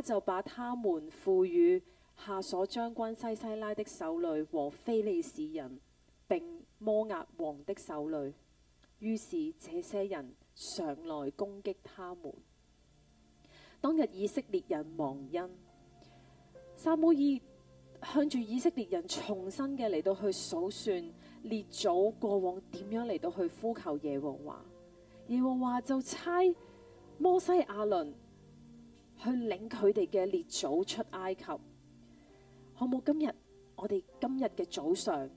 就把他們賦予夏瑣將軍西西拉的手裡和非利士人並摩押王的手裡，於是這些人常來攻擊他們。當日以色列人忘恩，撒母耳向住以色列人重新嘅嚟到去數算列祖過往點樣嚟到去呼求耶和華，耶和華就差摩西亞倫。去領佢哋嘅列祖出埃及，好冇？今日我哋今日嘅早上，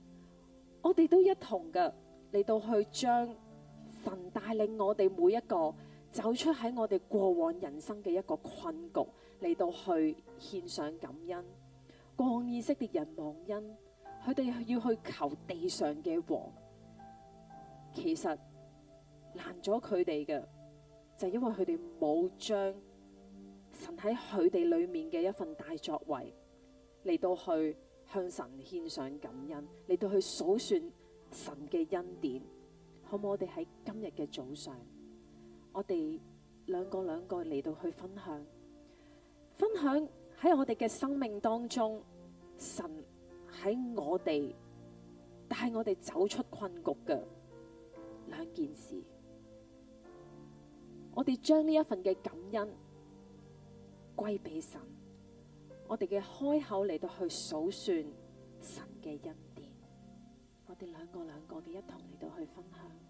我哋都一同㗎嚟到去將神帶領我哋每一個走出喺我哋過往人生嘅一個困局，嚟到去獻上感恩。講以色列人忘恩，佢哋要去求地上嘅王，其實難咗佢哋嘅，就因為佢哋冇將。神喺佢哋裏面嘅一份大作為，嚟到去向神獻上感恩，嚟到去數算神嘅恩典，可唔可以？我哋喺今日嘅早上，我哋兩個兩個嚟到去分享，分享喺我哋嘅生命當中，神喺我哋帶我哋走出困局嘅兩件事，我哋將呢一份嘅感恩。歸畀神，我哋嘅開口嚟到去數算神嘅恩典，我哋兩個兩個嘅一同嚟到去分享。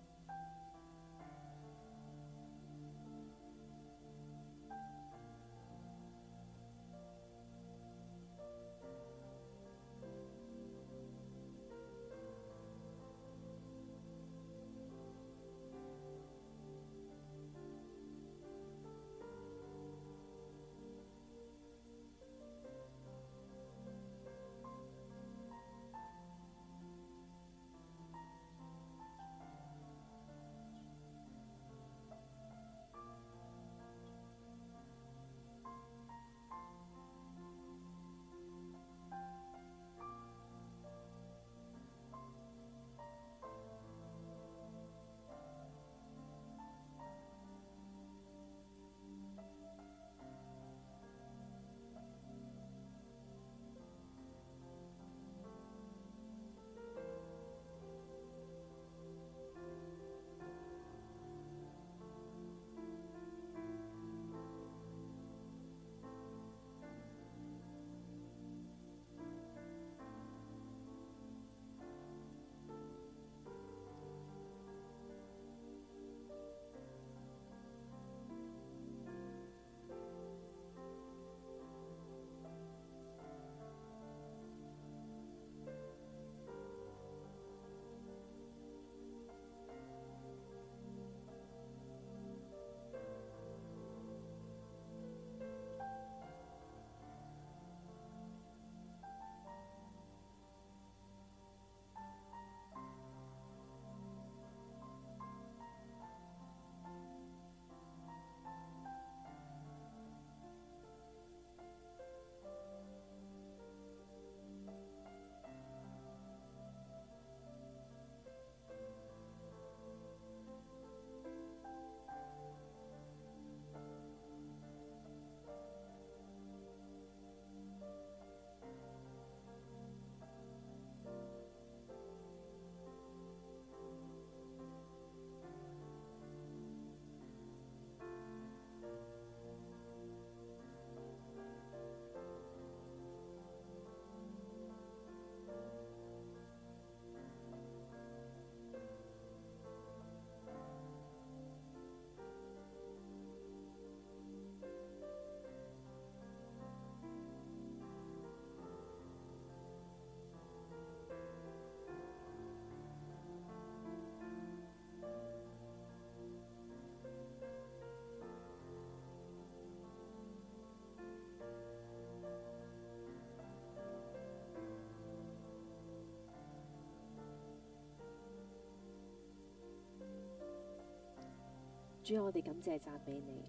主，我哋感謝讚俾你。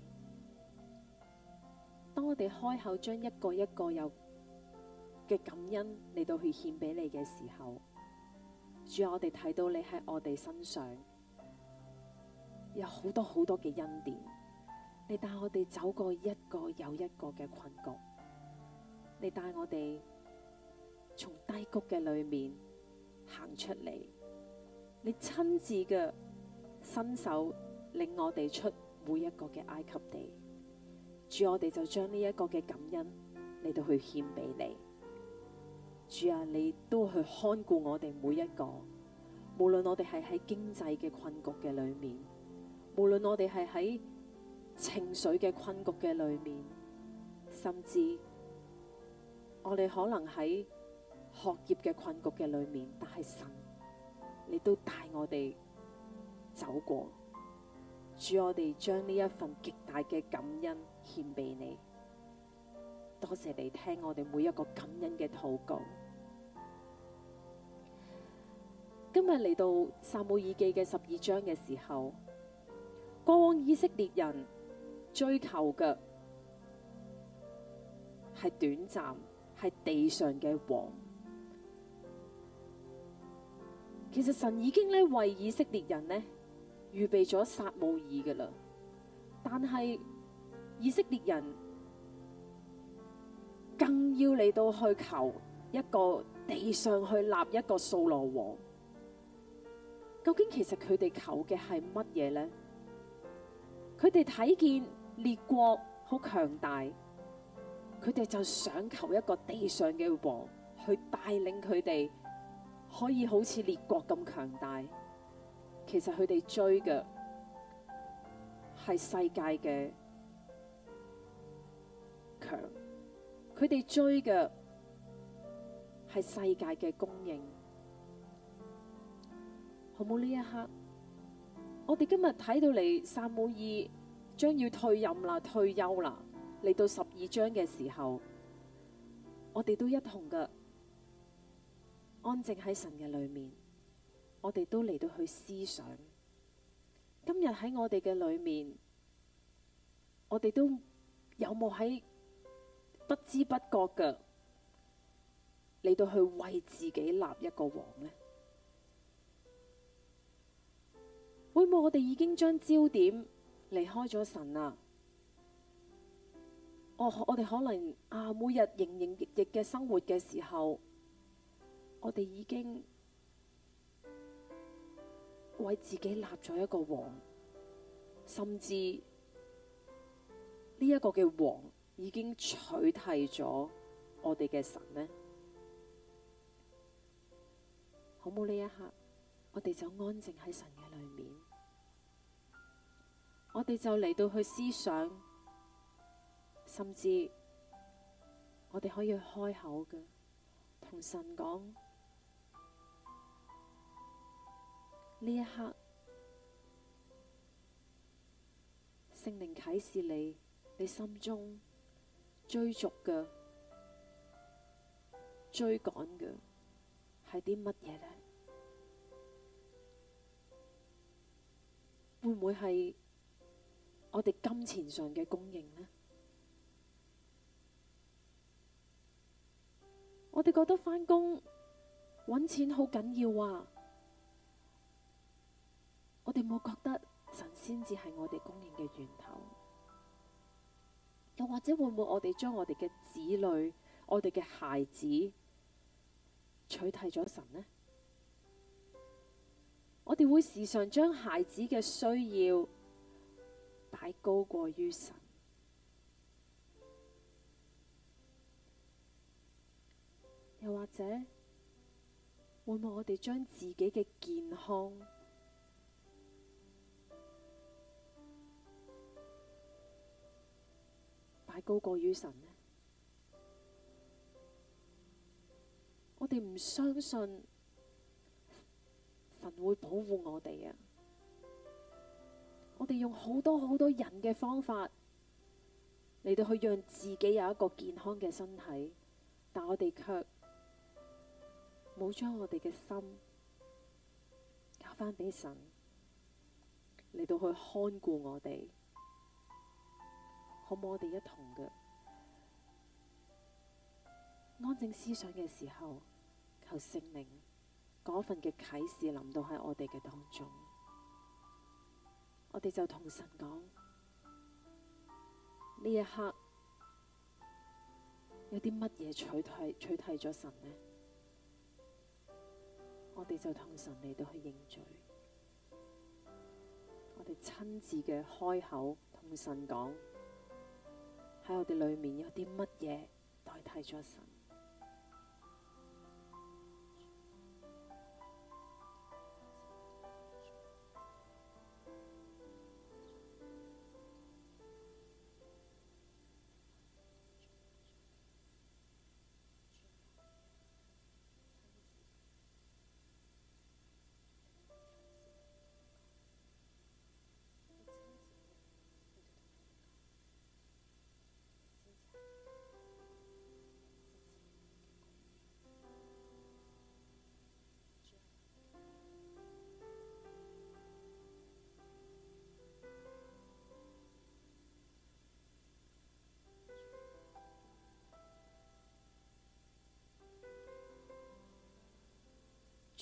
當我哋開口將一個一個有嘅感恩嚟到去獻俾你嘅時候，主，我哋睇到你喺我哋身上有好多好多嘅恩典。你帶我哋走過一個又一個嘅困局，你帶我哋從低谷嘅裏面行出嚟，你親自嘅伸手。令我哋出每一個嘅埃及地，主，我哋就將呢一個嘅感恩嚟到去獻俾你，主啊，你都去看顧我哋每一個，無論我哋係喺經濟嘅困局嘅裏面，無論我哋係喺情緒嘅困局嘅裏面，甚至我哋可能喺學業嘅困局嘅裏面，但係神，你都帶我哋走過。主，我哋將呢一份極大嘅感恩獻俾你。多謝你聽我哋每一個感恩嘅禱告。今日嚟到撒母耳記嘅十二章嘅時候，過往以色列人追求嘅係短暫，係地上嘅王。其實神已經呢為以色列人呢。預備咗撒母耳嘅啦，但係以色列人更要嚟到去求一個地上去立一個掃羅王。究竟其實佢哋求嘅係乜嘢呢？佢哋睇見列國好強大，佢哋就想求一個地上嘅王去帶領佢哋，可以好似列國咁強大。其實佢哋追嘅係世界嘅強，佢哋追嘅係世界嘅供應，好冇呢一刻？我哋今日睇到嚟，撒母耳將要退任啦，退休啦，嚟到十二章嘅時候，我哋都一同嘅安靜喺神嘅裏面。我哋都嚟到去思想，今日喺我哋嘅裏面，我哋都有冇喺不知不覺嘅嚟到去為自己立一個王呢？會唔會我哋已經將焦點離開咗神啊？我我哋可能啊，每日營營役役嘅生活嘅時候，我哋已經。為自己立咗一個王，甚至呢一個嘅王已經取代咗我哋嘅神呢，好冇？呢一刻，我哋就安靜喺神嘅裏面，我哋就嚟到去思想，甚至我哋可以開口嘅同神講。呢一刻，聖靈啟示你，你心中追逐嘅、追趕嘅係啲乜嘢呢？會唔會係我哋金錢上嘅供應呢？我哋覺得翻工搵錢好緊要啊！我哋冇覺得神先至係我哋供應嘅源頭，又或者會唔會我哋將我哋嘅子女、我哋嘅孩子取替咗神呢？我哋會時常將孩子嘅需要擺高過於神，又或者會唔會我哋將自己嘅健康太高過於神呢？我哋唔相信神會保護我哋啊！我哋用好多好多人嘅方法嚟到去讓自己有一個健康嘅身體，但我哋卻冇將我哋嘅心交翻俾神嚟到去看顧我哋。好，冇我哋一同嘅安靜思想嘅時候，求聖靈嗰份嘅啟示臨到喺我哋嘅當中，我哋就同神講，呢一刻有啲乜嘢取替取替咗神呢？我哋就同神嚟到去認罪，我哋親自嘅開口同神講。喺我哋裏面有啲乜嘢代替咗神？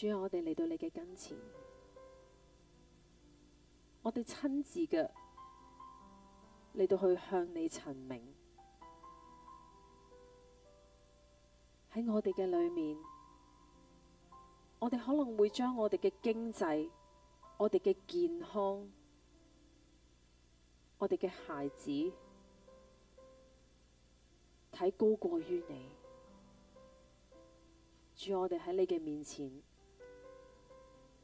主要我，我哋嚟到你嘅跟前，我哋親自嘅嚟到去向你陳明，喺我哋嘅裏面，我哋可能會將我哋嘅經濟、我哋嘅健康、我哋嘅孩子睇高過於你。主，我哋喺你嘅面前。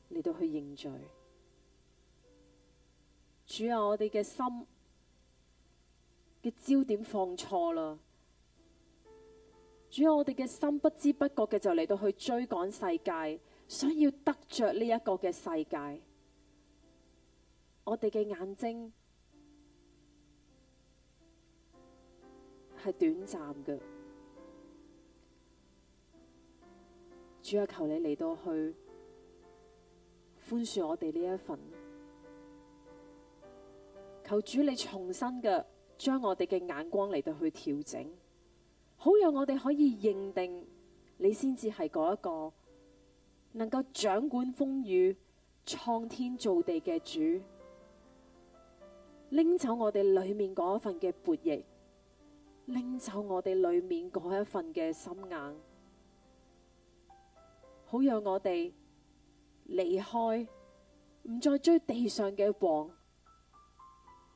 嚟到去認罪，主啊，我哋嘅心嘅焦點放錯啦，主啊，我哋嘅心不知不覺嘅就嚟到去追趕世界，想要得着呢一個嘅世界，我哋嘅眼睛係短暫嘅，主啊，求你嚟到去。寬恕我哋呢一份，求主你重新嘅將我哋嘅眼光嚟到去調整，好讓我哋可以認定你先至係嗰一個能夠掌管風雨、創天造地嘅主，拎走我哋裏面嗰一份嘅悖逆，拎走我哋裏面嗰一份嘅心硬，好讓我哋。離開，唔再追地上嘅王，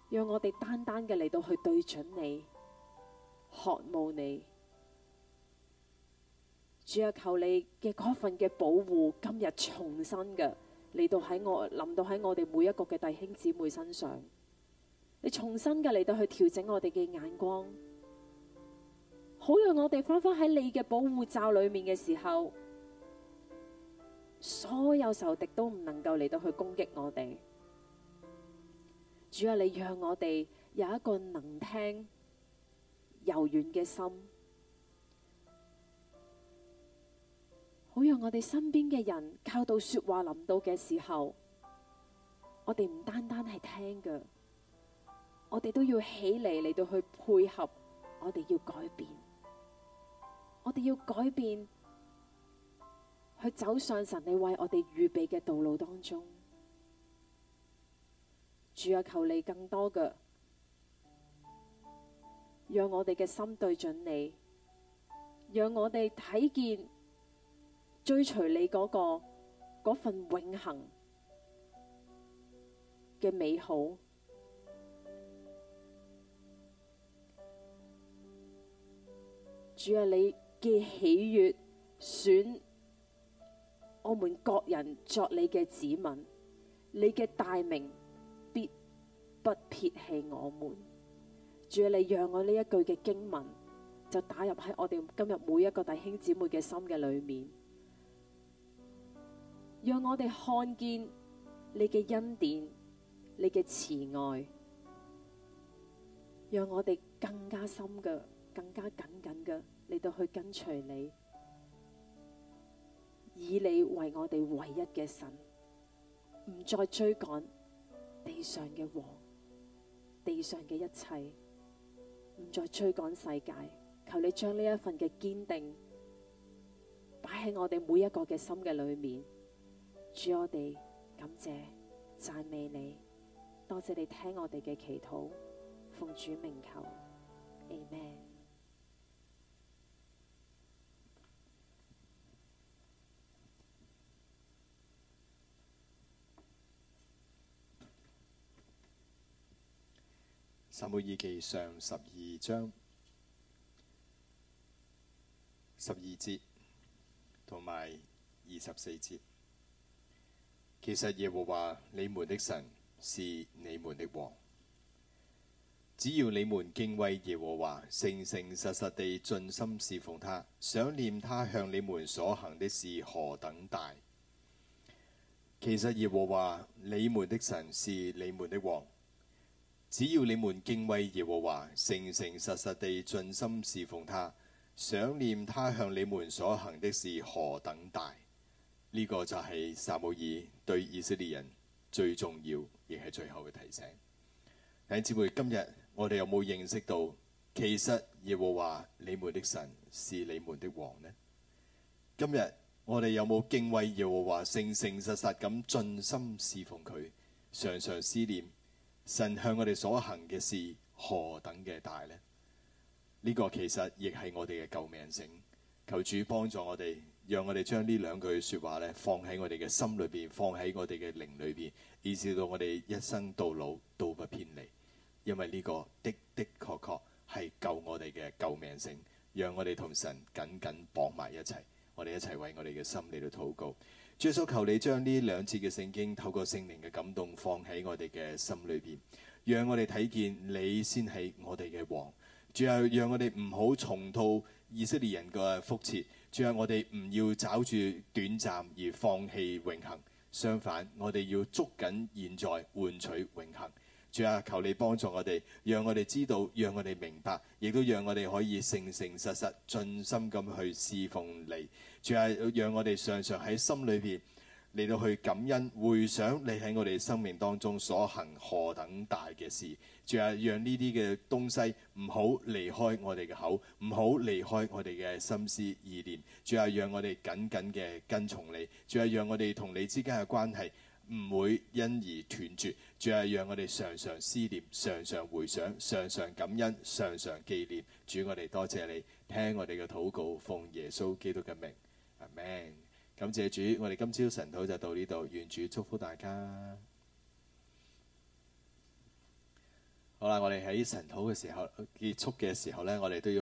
讓我哋單單嘅嚟到去對準你，渴慕你。主要求你嘅嗰份嘅保護，今日重新嘅嚟到喺我，臨到喺我哋每一個嘅弟兄姊妹身上，你重新嘅嚟到去調整我哋嘅眼光，好讓我哋翻返喺你嘅保護罩裏面嘅時候。所有仇敵都唔能夠嚟到去攻擊我哋，主要，你讓我哋有一個能聽柔軟嘅心，好讓我哋身邊嘅人，教到說話諗到嘅時候，我哋唔單單係聽噶，我哋都要起嚟嚟到去配合，我哋要改變，我哋要改變。去走上神你為我哋預備嘅道路當中，主啊，求你更多嘅，讓我哋嘅心對準你，讓我哋睇見追隨你嗰個嗰份永恆嘅美好，主啊，你嘅喜悅選。我們各人作你嘅子民，你嘅大名必不撇棄我們。主啊，你讓我呢一句嘅經文就打入喺我哋今日每一個弟兄姊妹嘅心嘅裏面，讓我哋看見你嘅恩典、你嘅慈愛，讓我哋更加深嘅、更加緊緊嘅嚟到去跟隨你。以你為我哋唯一嘅神，唔再追趕地上嘅王，地上嘅一切，唔再追趕世界。求你將呢一份嘅堅定擺喺我哋每一個嘅心嘅裏面。主我哋感謝讚美你，多謝你聽我哋嘅祈禱，奉主名求，Amen。《撒母耳記》上十二章十二節同埋二十四節，其實耶和華你們的神是你們的王。只要你們敬畏耶和華，誠誠實實地盡心侍奉他，想念他向你們所行的事何等大。其實耶和華你們的神是你們的王。只要你們敬畏耶和華，誠誠實實地盡心侍奉他，想念他向你們所行的事何等大，呢個就係撒母耳對以色列人最重要，亦係最後嘅提醒。弟兄姊妹，今日我哋有冇認識到，其實耶和華你們的神是你們的王呢？今日我哋有冇敬畏耶和華，誠誠實實咁盡心侍奉佢，常常思念？神向我哋所行嘅事何等嘅大呢？呢、呢個其實亦係我哋嘅救命繩。求主幫助我哋，讓我哋將呢兩句說話咧放喺我哋嘅心裏邊，放喺我哋嘅靈裏邊，以至到我哋一生到老都不偏離。因為呢個的的確確係救我哋嘅救命繩。讓我哋同神緊緊綁埋一齊，我哋一齊為我哋嘅心嚟度禱告。主，求你將呢兩節嘅聖經透過聖靈嘅感動放喺我哋嘅心裏邊，讓我哋睇見你先係我哋嘅王。主啊，讓我哋唔好重蹈以色列人嘅覆轍。主啊，我哋唔要找住短暫而放棄永恆。相反，我哋要捉緊現在，換取永恆。主啊，求你幫助我哋，讓我哋知道，讓我哋明白，亦都讓我哋可以誠誠實實、盡心咁去侍奉你。仲係讓我哋常常喺心裏邊嚟到去感恩，回想你喺我哋生命當中所行何等大嘅事。仲係讓呢啲嘅東西唔好離開我哋嘅口，唔好離開我哋嘅心思意念。仲係讓我哋緊緊嘅跟從你。仲係讓我哋同你之間嘅關係唔會因而斷絕。仲係讓我哋常常思念、常常回想、常常感恩、常常紀念。主，我哋多謝你，聽我哋嘅禱告，奉耶穌基督嘅名。Amen，感謝主，我哋今朝晨禱就到呢度，願主祝福大家。好啦，我哋喺晨禱嘅時候結束嘅時候咧，我哋都要。